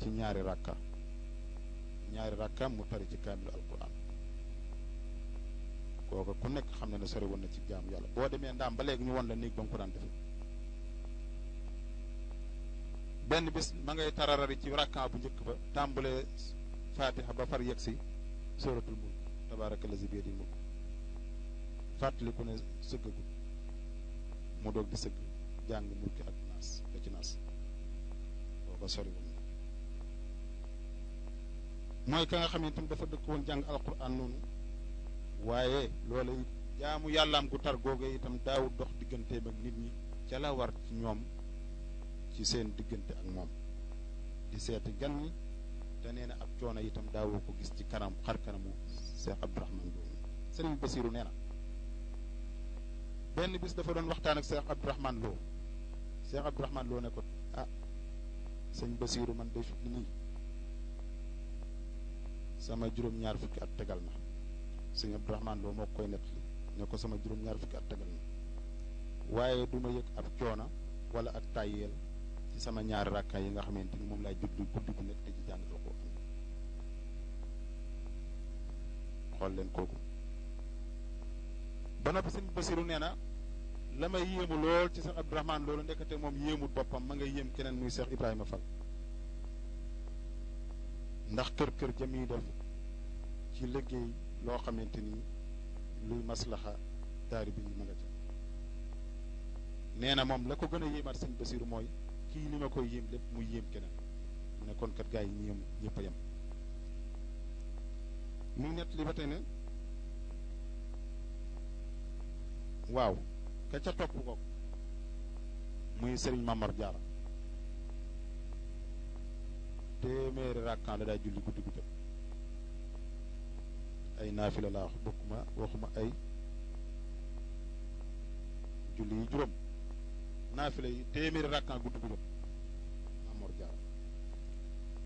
ci ñaari rakka ñaari rakka mu tari ci kaamilu alquran kooka ku nekk xam na ne sori woon na ci jaamu yàlla boo demee ndaam ba léegi ñu won la néeg ba ko daan defe benn bis ma ngay tararari ci rakka bu njëkk ba tàmbalee faatiha ba far yegg si suratul mulk tabaaraka lazi biyadil mulk fàttaliku ne sëggagul mu doog di sëgg jàng mulki ak naas ba ci naas booba mooy ka nga xam ne itam dafa dëkk woon jàng alquran noonu waaye loola jaamu yàllaam gu tar googu itam daawul dox digganteem ak nit ñi ca la war ci ñoom ci seen diggante ak moom di seeti gan ñi te nee ab coono itam daawoo ko gis ci kanam xar kanamu Cheikh Abdourahmane boobu sëriñ Basiru nee benn bis dafa doon waxtaan ak Cheikh Abdourahmane Lo Cheikh Abdourahmane Lo ne ko ah sëñ Basiiru man de fi nii sama juróom-ñaar fukki at tegal na sëñ Abdourahmane Lo moo koy nekk ne ko sama juróom-ñaar fukki at tegal na waaye du ma yëg ab coona wala ak tàyyeel ci sama ñaari rakkaay yi nga xamante ni moom laay jublu guddi gu nekk te ci jàng Alxuraan xool leen kooku ba noppi sëñ Basiru nee na la may yéemu lool ci sëñ Abdourahmane loolu ndekkate moom yéemut boppam ma nga yéem keneen muy Seex Ibrahima Fall ndax kër kër ja muy def ci liggéey loo xamante ni lu maslaxa daari bi ma nga ca nee na moom la ko gën a yéemaat sëñ Basiru mooy kii li ma koy yéem lépp muy yéem keneen mu ne kon kat gaa yi ñéem ñëpp a yem muy nett li ba tey ne waaw ka ca topp ko muy Serigne Mamar Diarra téeméeri rakkaan la daa julli guddi guddi ay naafila laa wax bokkuma waxuma ay julli yi juróom naafila yi téeméeri rakkaan guddi guddi Mamar Diarra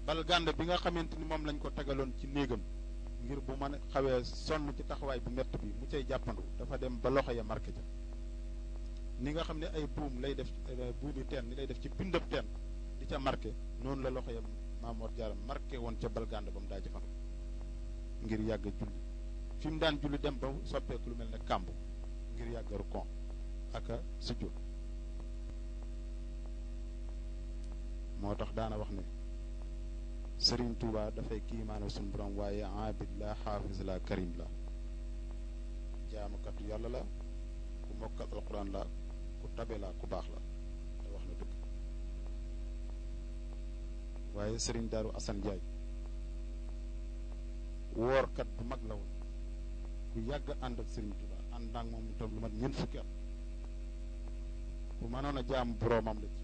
bal bi nga xamante ni moom lañ ko tegaloon ci néegam ngir bu ma xawee sonn ci taxawaay bu mett bi mu cay jàppandu dafa dem ba loxo ya marqué ja ni nga xam ne ay buum lay def euh, buumi teen ni lay def ci bindab teen di ca marqué noonu la loxo ya Maamoor Jaara marke woon ca balgande ba mu daa jëfandu ngir yàgg a julli fi mu daan julli dem ba soppeeku lu mel ne kàmb ngir yàgg a rukon ak a moo tax daana wax ne Sëriñ Tuuba dafay kiimaane suñu borom waaye abid la xaafis la karim la jaamukatu yàlla la ku mokkat alquran la ku tabe la ku baax la te wax na dëgg waaye Sëriñ Daaru Asan woorkat bu mag la woon ku yàgg ànd ak Sëriñ Tuuba ànd ak moom tam lu mat ñeent fukki at bu mënoon a jaam boroomam la ci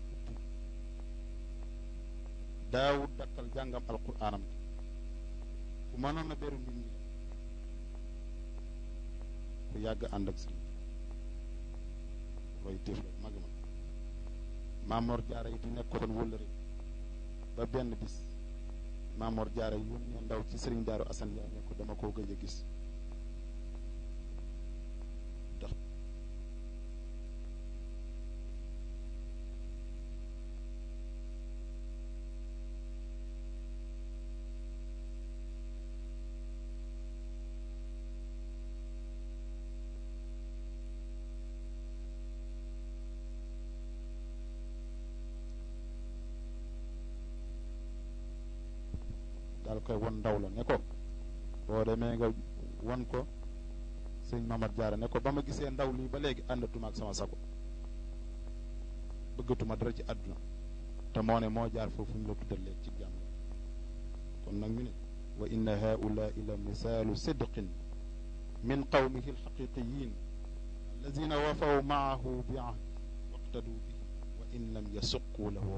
daawul dakkal jàngam alquraanam bi ku mënoon na beru nit ñi ku yàgg ànd ak sëriñ looy téef mag ma maamoor jaara yi di nekkoon wëllëre ba benn bis maamoor jaara yi yónnee ndaw ci sëriñ daaru asan yaa ne dama koo gëj a gis nga koy won ndaw la ne ko boo demee nga won ko sëñ Mamad Jaara ne ko ba ma gisee ndaw lii ba léegi àndatuma ak sama sago bëggatuma dara ci àdduna te moo ne moo jaar foofu ñu la tuddal léegi ci jàmm kon nag ñu ne wa inna haulaai la misaalu sidqin min qawmihi alxaqiqiyin alladina wafaw maahu bi ahdi waqtadu bihi wa in lam yasuqu lahu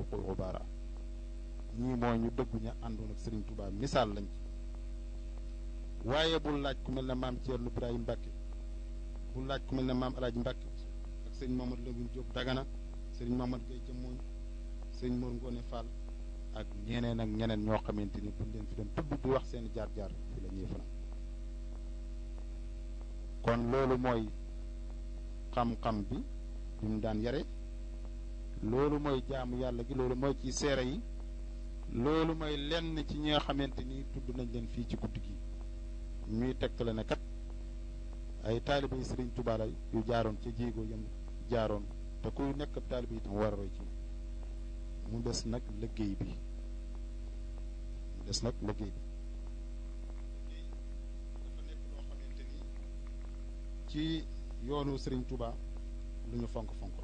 ñii mooy ñu dëggu ña àndoon ak Serigne tubaab misaal lañ ci waaye bul laaj ku mel ne maam lu Ibrahima Mbacke bul laaj ku mel ne maam El Hadj Mbacke ak sëñ Mamadou Lamine Diop Dagana sëñ Mamadou Gueye Diamoune sëñ Mor ngoone Fall ak ñeneen ak ñeneen ñoo xamante ni buñ leen fi doon tudd di wax seen jaar-jaar fi la fanaan kon loolu mooy xam-xam bi bi daan yare loolu mooy jaamu yàlla gi loolu mooy ci seere yi. loolu mooy lenn ci ñi nga xamante ni tudd nañ leen fii ci guddi gi ñuy tegtale ne kat ay taalibe yi Sëriñ Tuubaa la yu jaaroon ca jéego yam jaaroon te kuy nekk ab taalibe itam war a roy ci mu des nag liggéey bi mu des nag liggéey bi ci yoonu Serigne Touba lu ñu fonk fonk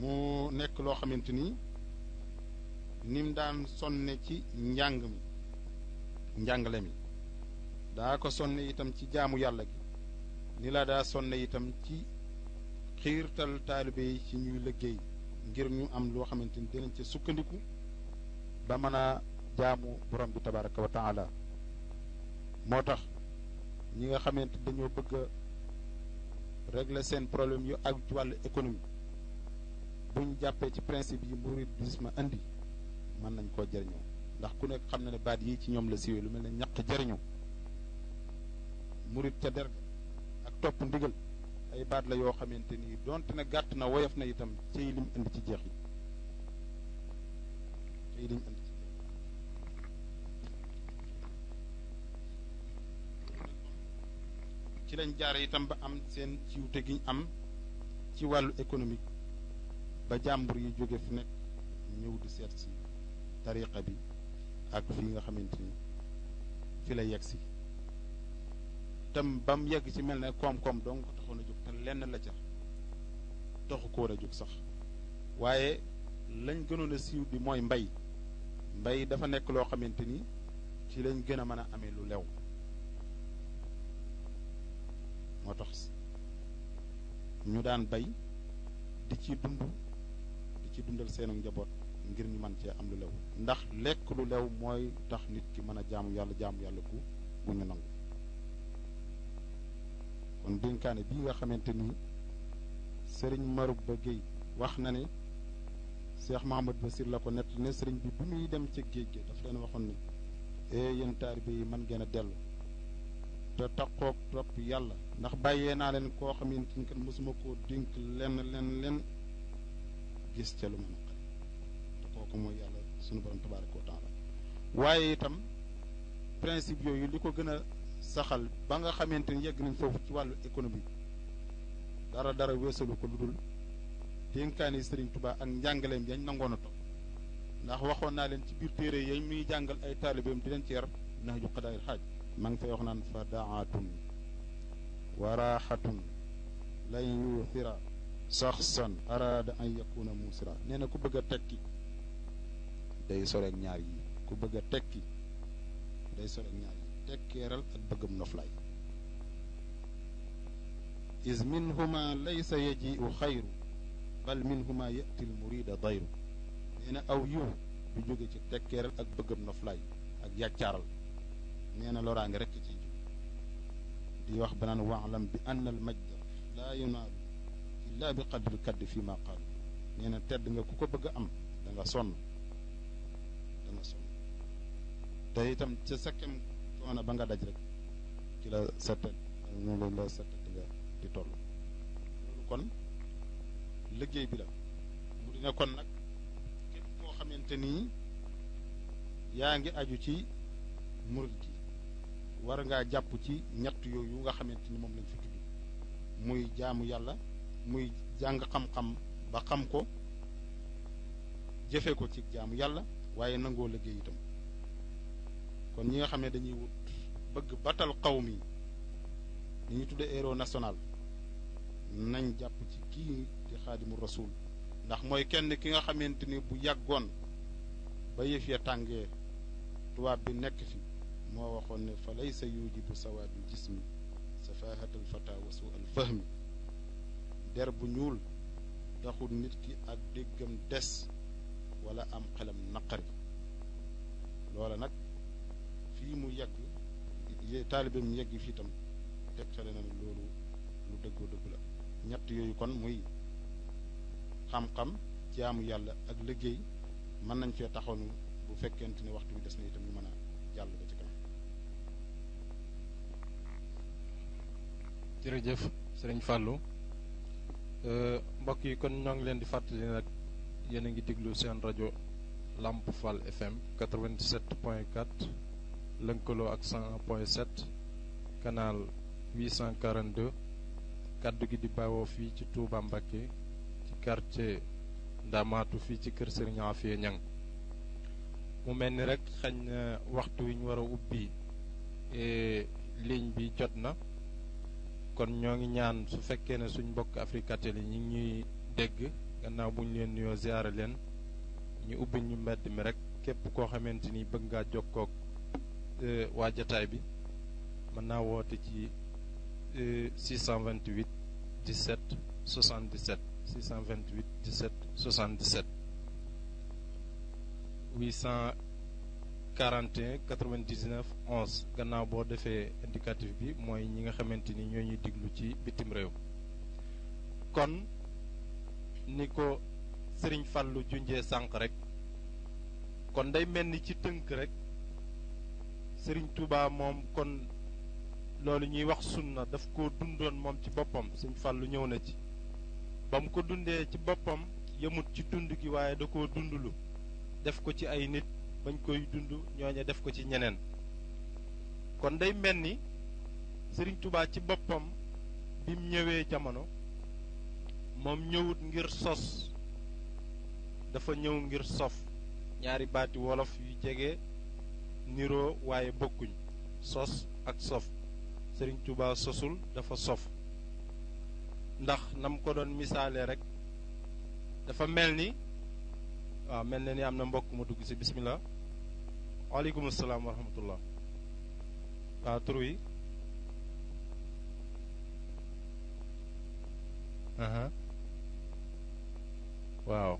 mu nekk loo xamante ni nim daan sonne ci njàng mi njàngale mi daa ko sonne itam ci jaamu yàlla gi ni laa daa sonne itam ci xiirtal taalibe yi ci ñuy liggéey ngir ñu am loo xamante ni dinañ ca sukkandiku ba mën a jaamu borom bi tabaraka wa taala moo tax ñi nga xamante dañoo bëgg regle seen problème yu ak wàll wàllu économie buñ jàppee ci principe yi mouridisme andi mën nañ koo jëriñoo ndax ku nekk xam na ne baat yii ci ñoom la siwee lu mel ne ñaq jëriñu murid ca der ak topp ndigal ay baat la yoo xamante ni donte na gàtt na woyof na itam ciy lim ci jeex yi ciy lañ jaare itam ba am seen ciwte giñ am ci wàllu économique ba jàmbur yi jóge fi nekk ñëw di seet si tariqa bi ak fii nga xamante ni fi la yegg si tam ba mu yegg ci mel ne koom-koom dong ko taxoon a jóg te lenn la ca taxu ko war a jóg sax waaye lañ gënoon a siiw bi mooy mbay mbay dafa nekk loo xamante ni ci lañ gën a mën a amee lu lew moo tax si ñu daan bay di ci dund ci dundal seenu njaboot ngir ñu mën cee am lu lew ndax lekk lu lew mooy tax nit ki mën a jaamu yàlla jaamu yàlla ku gu ñu nangu kon dénkaane bii nga xamante ni sëriñ Marouba ba Guèye wax na ne Cheikh Mahamad Basir la ko nett ne sëriñ bi bu muy dem ca géej gi daf leen waxoon ne eh yéen taalibe yi mën ngeen a dellu te taqoog topp yàlla ndax bàyyee naa leen koo xamante ni kat mosuma koo dénk lenn lenn lenn gis ca lu ma naqari te kooku mooy yàlla sunu borom tabaraka wa taala waaye itam principe yooyu li ko gën a saxal ba nga xamante ni yegg nañ foofu ci wàllu économie dara dara weesalu ko lu dul dénkaani sëriñ Touba ak njàngaleem yañ nangoon a topp ndax waxoon naa leen ci biir téere yañ muy jàngal ay taalibeem di leen ci yar nax ju xaaj ma ngi fay wax naan fa daatun waraaxatun lan yuuthira saxsan araada an yakuna musira nee na ku bëgg a tekki day soreeg ñaar yi ku bëgg tekki day soreeg ñaar yi tekkeeral ak bëggam noflaay is minhuma laysa yajiu xayru bal minhuma yati l murida dayru nee aw yiw du jóge ci tekkeeral ak bëggam noflaay ak yàccaaral nee na loraa nga rekk ci di wax banaan waalam bi ann al majda laa yunaadu laa bi qadril kaddi fii maa qaal nee tedd nga ku ko bëgg am danga nga sonn da sonn te itam ca sa kem coono ba nga daj rek ci la sa tedd ñu la nga di toll loolu kon liggéey bi la mu dina kon nag képp koo xamante nii yaa ngi aju ci murid gi war ngaa jàpp ci ñett yooyu nga xamante ni moom lañ fi tudd muy jaamu yàlla muy jàng xam-xam ba xam ko jëfe ko ci jaamu yàlla waaye nangoo liggéey itam kon ñi nga xam ne dañuy wut bëgg batal xaw mi ni ñu tudde héros national nañ jàpp ci kii di xaadimu rasul ndax mooy kenn ki nga xamante ni bu yàggoon ba yëf ya tàngee tubaab bi nekk fi moo waxoon ne fa laysa yujibu sawaadu jismi safahatal fata wa su al fahmi der bu ñuul taxul nit ki ak déggam des wala am xelam naqari loola nag fii mu yegg yé taalibe mu yegg fii tam tegtale na loolu lu dëggoo dëgg la ñett yooyu kon muy xam-xam jaamu yàlla ak liggéey mën nañ fee taxoonu bu fekkente ne waxtu wi des na itam ñu mën a jàll ba ci kanam jërëjëf sëriñ Fallou Euh, mbokk yi kon ñoo ngi leen di fàttali nag yéen a ngi déglu seen rajo Lamp Fall FM 87.4 lënkaloo ak 100.7 canal 842 kaddu gi di bawoo fii ci Touba Mbacké ci quartier Ndamaatu fii ci kër Serigne Afia Niang mu mel ni rek xañ na waxtu wi ñu war a ubbi ligne bi jot na. kon ñoo ngi ñaan su fekkee ne suñ mbokk africatel yi ñu ngi ñuy dégg gannaaw buñu leen nuyoo ziara leen ñu ubbi ñu mbedd mi rek képp koo xamante ni bëgg ngaa jokkoog euh, waa jataay bi mën naa woote ci 628 17 77 628 17 77 41 99 gannaaw boo defee indicatif bi mooy ñi nga xamante ni ñoo ñuy diglu ci bitim réew kon ni ko sëriñ Fallou junjee sànq rek kon day mel ni ci tënk rek sëriñ Touba moom kon loolu ñuy wax sunna daf ko dundoon moom ci boppam sëriñ Fallou ñëw na ci ba ko dundee ci boppam yëmut ci dund gi waaye da koo dundulu def ko ci ay nit bañ koy dund ñooña def ko ci ñeneen kon day mel ni sëriñ tubaa ci boppam bim ñëwee jamono moom ñëwut ngir sos dafa ñëw ngir sof ñaari baati wolof yu jege niroo waaye bokkuñ sos ak sof sëriñ tubaa sosul dafa sof ndax nam ko doon misaale rek dafa mel ni waaw mel na ni am na mbokk mu dugg ci bismillah waaleykum salaam wa rahmatullah waaw tur yi waaw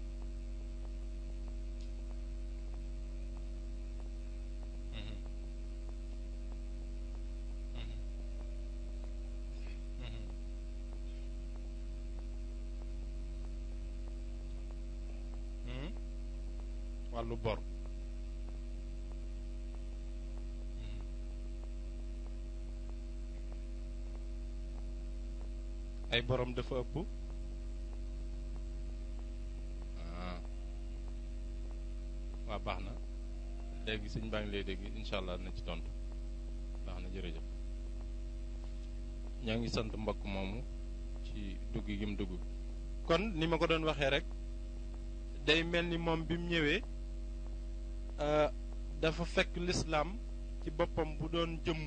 wàllu bor ay boroom dafa ëpp ah. waa baax na léegi sëñ baa ngi lay dégg incha allah na ci tontu baax na jërëjëf ñaa ngi sant mbokk moomu ci dugg gi mu dugg kon ni ma ko doon waxee rek day mel ni moom bi mu ñëwee euh, dafa fekk lislaam ci boppam bu doon jëmm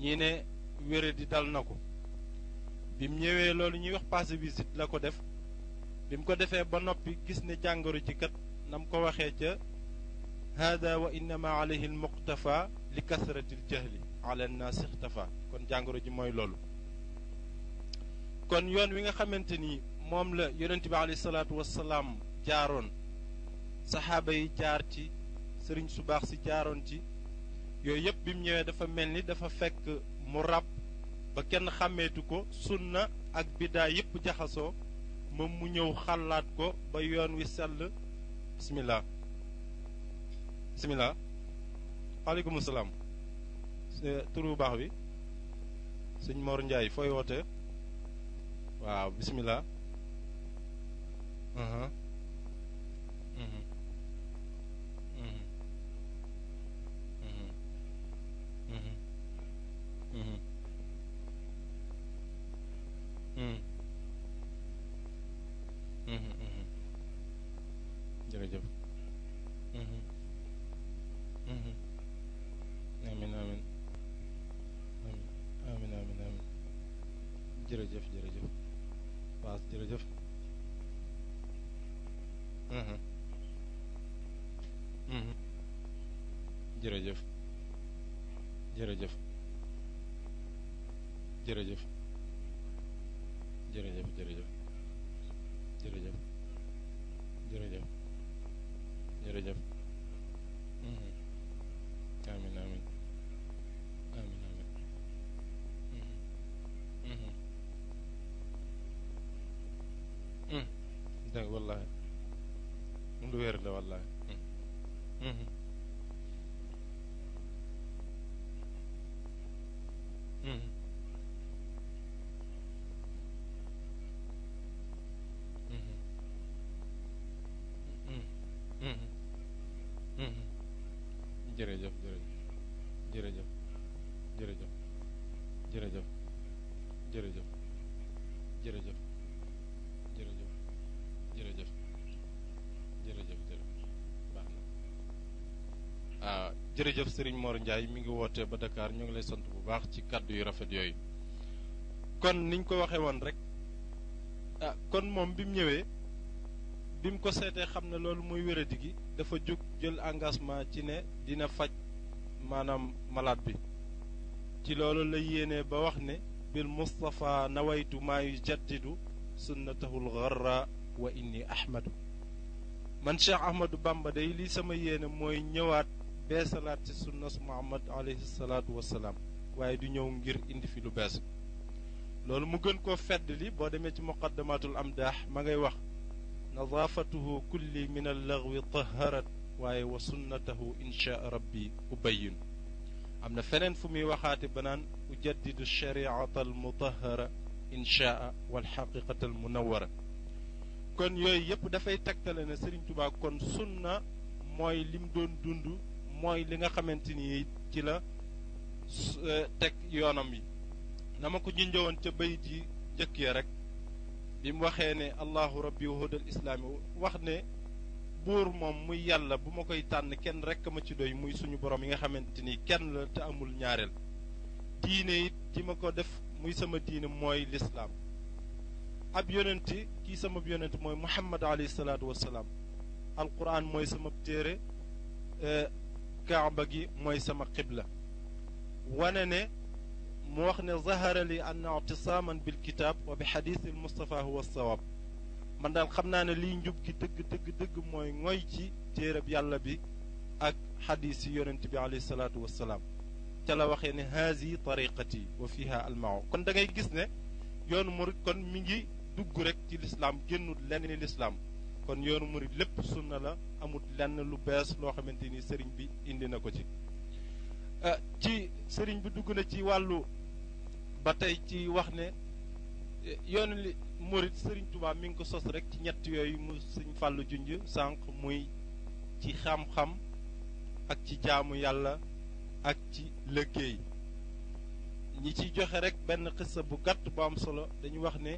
ñi ne wéré di dal na ko bi mu ñëwee loolu ñuy wax passe visite la ko def bi mu ko defee ba noppi gis ne jàngoro ji kat na ko waxee ca hada wa innama alayhi almuqtafa li kasrati aljahli ala nnaas ixtafa kon jàngoro ji mooy loolu kon yoon wi nga xamante ni moom la yonent bi alayhi salaatu wassalaam jaaroon saxaaba yi jaar ci sëriñ su baax si jaaroon ci yooyu yëpp bi mu ñëwee dafa mel ni dafa fekk mu ràbb ba kenn xàmmeetu ko sunna ak bidaa yépp jaxasoo moom mu ñëw xalaat ko ba yoon wi sell bismillah bismillah waaleykum salaam turu baax bi sëñ Mor Ndiaye fooy woote waaw bismillah uh-huh. jërëjëf jërëjëf waaw jërëjëf Mhm. Mhm. jërëjëf jërëjëf jërëjëf jërëjëf jërëjëf jërëjëf dégg nga wallaahi lu wér la jërëjëf Serigne Mor Ndiaye mi ngi wootee ba Dakar ñu ngi lay sant bu baax ci kàddu yu rafet yooyu kon niñ ko waxee woon rek ah kon moom bi mu ñëwee bi ko seetee xam ne loolu mooy wéradi gi dafa jóg jël engagement ci ne dina faj maanaam malaat bi ci loolu la yéenee ba wax ne bil Moustapha nawaytu maa yu jaddidu sunnatahul gharra wa indi ahmadu man Cheikh Ahmadou Bamba day li sama yéene mooy ñëwaat beesalaat ci sunnas muhammad salaatu wassalaam waaye du ñëw ngir indi fi lu bees loolu mu gën koo fedd li boo demee ci muqaddamatul amdaax ma ngay wax nadaafatuhu kulli min allaghwi taharat waaye wa sunnatahu inshaa rabbi ubayin am na feneen fu muy waxaate banaan ujaddidu shariata almutahara inshaa walxaqiqata almunawara kon yooyu yépp dafay tegtale ne Sëriñ Tuubaa kon sunna mooy lim doon dund mooy li nga xamante ni ci la euh, teg yoonam yi na ma ko junjowoon ca bayit yi njëkk ya rek bi mu waxee ne allahu rabbi wa hudal islaami wax ne buur moom muy yàlla bu ma koy tànn kenn rek ma ci doy muy suñu borom yi nga xamante ni kenn la te amul ñaareel diine it ci ma ko def muy sama diine mooy lislaam ab yonenti kii sama yonent mooy muhammad alayhi salaatu wassalaam alquran mooy sama téere euh, kaaba gi mooy sama qibla wane ne mu wax ne zahara li anna i'tisaaman bil kitaab wa bi xadiisil Mustafa huwa sawaab man daal xam naa ne liy njub gi dëgg dëgg dëgg mooy ngoy ci téereb yàlla bi ak xadiis yi yonent bi alayhi ca la waxe ne haasi tariqati wa fiha almao kon dangay gis ne yoon murid kon mi ngi dugg rek ci lislaam génnul lenn lislaam kon yoonu murid lépp sunna la amut lenn lu bees loo xamante ni sëriñ bi indi na ko ci euh, ci sëriñ bi dugg na ci wàllu ba tey ci wax ne yoonu li murid sëriñ Tuubaa mi ngi ko sos rek ci ñett yooyu mu sëñ fàllu junj sànq muy ci xam-xam ak ci jaamu yàlla ak ci liggéey ñi ciy joxe rek benn xissa bu gàtt bu am solo dañu wax ne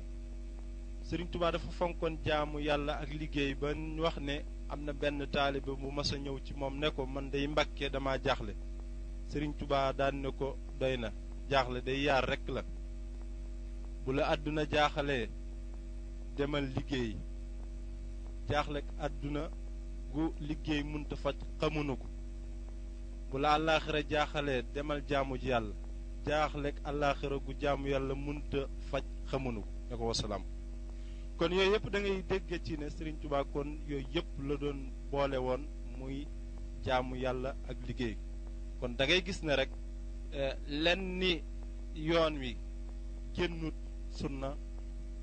Sëriñ Tuubaa dafa fonkoon jaamu yàlla ak liggéey ba ñu wax ne am na benn taalibe bu mas a ñëw ci moom ne ko man day mbakke dama jaaxle Sëriñ tubaa daan ne ko doy na jaaxle day yar rekk la bu la àdduna jaaxalee demal liggéey jaaxle àdduna gu liggéey mënta faj xamunu ko bu la àllaaxira jaaxalee demal jaamu ji yàlla jaaxle àllaaxira gu jaamu yàlla mënta faj xamunu ko ne ko wasalaam kon yooyu yëpp da ngay ci ne Serigne Touba kon yooyu yëpp la doon boole woon muy jaamu yàlla ak liggéey kon da ngay gis ne rek eh, lenn ni yoon wi génnut sunna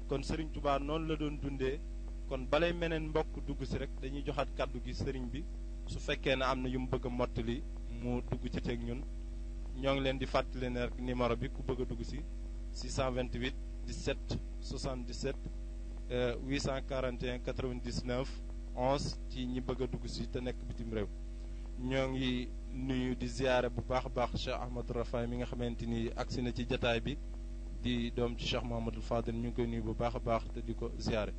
kon Serigne Touba noonu la doon dundee kon balay meneen mbokk dugg si rek dañuy joxaat kàddu gi Serigne bi su fekkee ne am na yu mu bëgg mott li mu dugg ci teg ñun ñoo ngi leen di fàttali ne rek numéro bi ku bëgg a dugg si 628 17 77. 841 99 11 ci ñi bëgg dugg si te nekk bitim réew ñoo ngi nuyu di ziyaare bu baax a baax Cheikh Ahmadou Rafaay mi nga xamante ni agsi na ci jataay bi di doom ci Cheikh Mouhamadou Fadel ñu ngi koy nuyu bu baax a baax te di ko ziyaare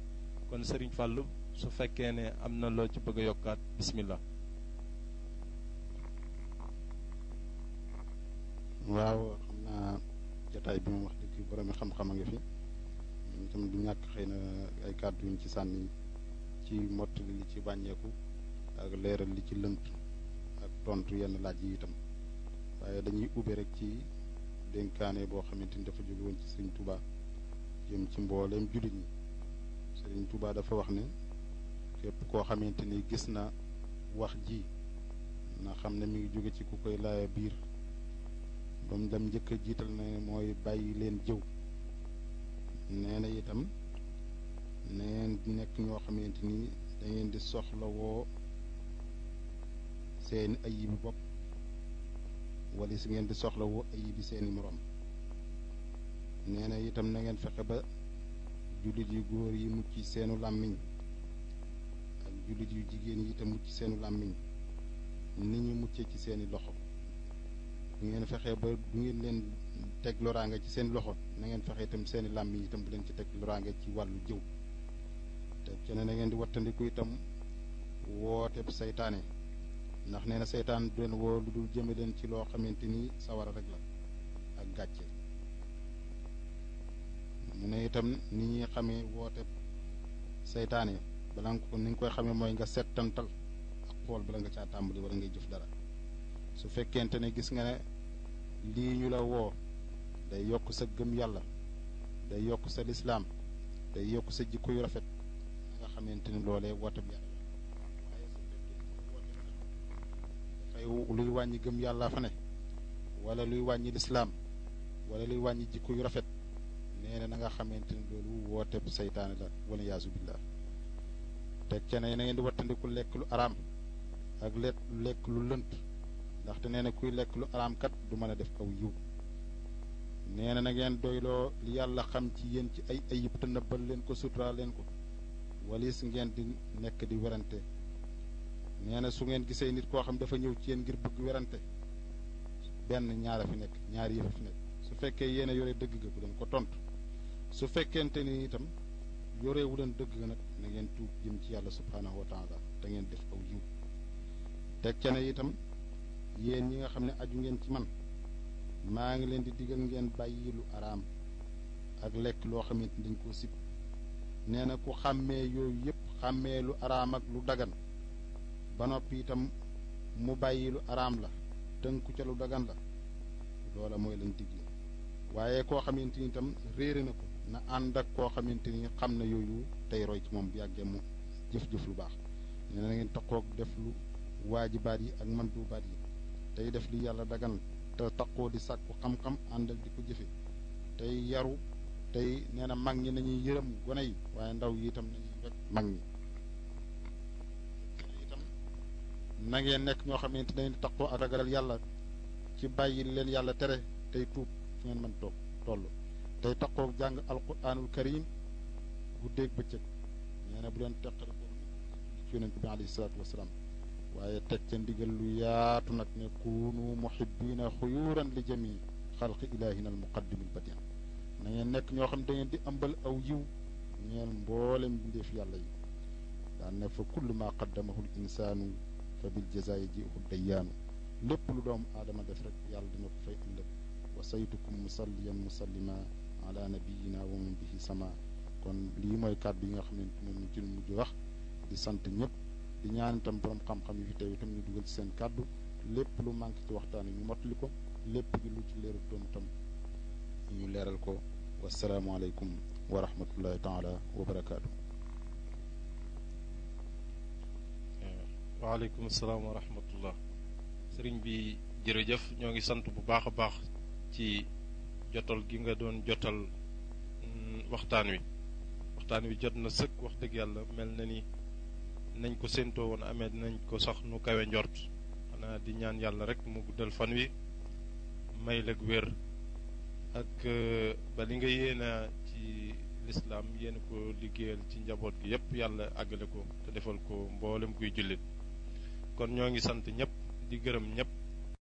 kon sëriñ Fallou su fekkee ne am na loo ci bëgg yokkaat bismillah. waaw xam naa jataay bi mu wax dëgg borom xam-xam a ngi fi. ñun du ñàkk xëy na ay kàddu yuñ ci sànni ci mottali li ci bàññeeku ak leeral li ci lënt ak tontu yenn laaj yi itam waaye dañuy ube rek ci dénkaane boo xamante ni dafa jóge woon ci Sëriñ tubaa jëm ci mbooleem jullit ñi Sëriñ tubaa dafa wax ne képp koo xamante ni gis na wax ji na xam ne mu ngi jóge ci ku koy laaya biir ba dem njëkk a jiital ne mooy bàyyi leen jëw neena yitam itam na ngeen nekk ñoo xamante ni dangeen ngeen di soxlawoo seeni ayibi bopp wala si ngeen di soxlawoo ayibi seeni moroom nee na itam na ngeen fexe ba jullit yu góor yi mucc seenu làmmiñ ak jullit yu jigéen yi itam mucc seenu làmmiñ ni ñu muccee ci seeni loxo ngeen fexe ba du ngeen leen teg loraanga ci seen loxo na ngeen fexe itam seen i làmmiñ itam bu leen ci teg loraanga ci wàllu jëw te ci ne ngeen di wattandiku itam woote seytaane ndax nee na saytaan du leen woo lu dul jëme leen ci loo xamante ni sawara rek la ak gàcce mu ne itam ni ñuy xamee woote saytaane balaa nga ko ni nga koy xamee mooy nga settantal ak xool bala nga caa tàmbali wala ngay jëf dara su fekkente ne gis nga ne lii ñu la woo day yokk sa gëm yàlla day yokk sa lislaam day yokk sa jikko yu rafet nga xamante ni loolee woote bi yàlla waaye fa ne wala luy wàññi lislaam wala luy wàññi jikko yu rafet na nga xamante ni loolu woote bu seytaane la wala yaasu billah teg ca di wattandiku lekk lu araam ak lekk lekk lu lënt ndaxte nee na kuy lekk lu araam du mën a def aw yiw nee na na ngeen doyloo li yàlla xam ci yéen ci ay ayib te nëbbal leen ko suturaa leen ko walis ngeen di nekk di werante nee na su ngeen gisee nit koo xam dafa ñëw ci yéen ngir bëgg werante benn ñaara fi nekk ñaari yëf fi nekk su fekkee yéen a yore dëgg ga bu leen ko tontu su fekkente ni itam wu leen dëgg ga nag na ngeen tuub jëm ci yàlla subhaanahu wa taala da ngeen def aw yiw teg ca ne itam yéen ñi nga xam ne aju ngeen ci man maa ngi leen di digal ngeen bàyyi lu araam ak lekk loo xamante dañ koo sib nee na ku xàmmee yooyu yëpp xàmmee lu araam ak lu dagan ba noppi itam mu bàyyi lu araam la tënku ca lu dagan la loola mooy lañ digle waaye koo xamante ni itam réere na ko na ànd ak koo xamante ni xam na yooyu tey roy ci moom bu yàggee mu jëf-jëf lu baax nee na ngeen taxoog def lu baat yi ak man mandubaat yi tey def li yàlla dagan la te taqoo di sàkku xam-xam ànd ak di ko jëfe tey yaru tey nee mag ñi nañuy yërëm gone yi waaye ndaw yi itam nañuy mag ñi itam na ngeen nekk ñoo xamante ne taqoo ak ragal yàlla ci bàyyi leen yàlla tere tey tuub fu ngeen mën toog toll tey taqoo jàng alquranul karim guddeeg bëccëg nee na bu leen teqale boobu ci yonent bi alayhi salaatu wasalaam waaye teg ca ndigal lu yaatu nag ne kuunu muhibbina xuyuuran li jami xalqi ilaahina al muqaddimi al badian na ngeen nekk ñoo xam da ngeen di ambal aw yiw ñeen mboolem mbindeef yàlla yi daan ne fa kullu ma qaddamahu l insaanu fa bil jazaayi jihu dayyaanu lépp lu doomu aadama def rek yàlla dina ko fay ëllëg wa saytukum musalliyan musallima ala nabiyina wa man bihi sama kon lii mooy kàddu yi nga xam ne moom ci wax di sant ñëpp di ñaan itam borom xam-xam yi fi teew itam ñu dugal ci seen kàddu lépp lu manqué ci waxtaan wi ñu mottali ko lépp gi lu ci leeral doon itam ñu leeral ko wasalaamualeykum wa rahmatullahi salaam wa rahmatullah sëriñ bi jërëjëf ñoo ngi sant bu baax a baax ci jotal gi nga doon jotal mm, waxtaan wi waxtaan wi jot na sëkk wax dëgg yàlla mel na ni. nañ ko séentoo woon amee dinañ ko sax nu kawe njort xanaa di ñaan yàlla rekk mu guddal fan wi may lag wér ak euh, ba li nga yéena ci lislaam yéen ko liggéeyal ci njaboot gi yépp yàlla àggale ko te defal ko mboolem kuy jullit kon ñoo ngi sant ñépp di gërëm ñépp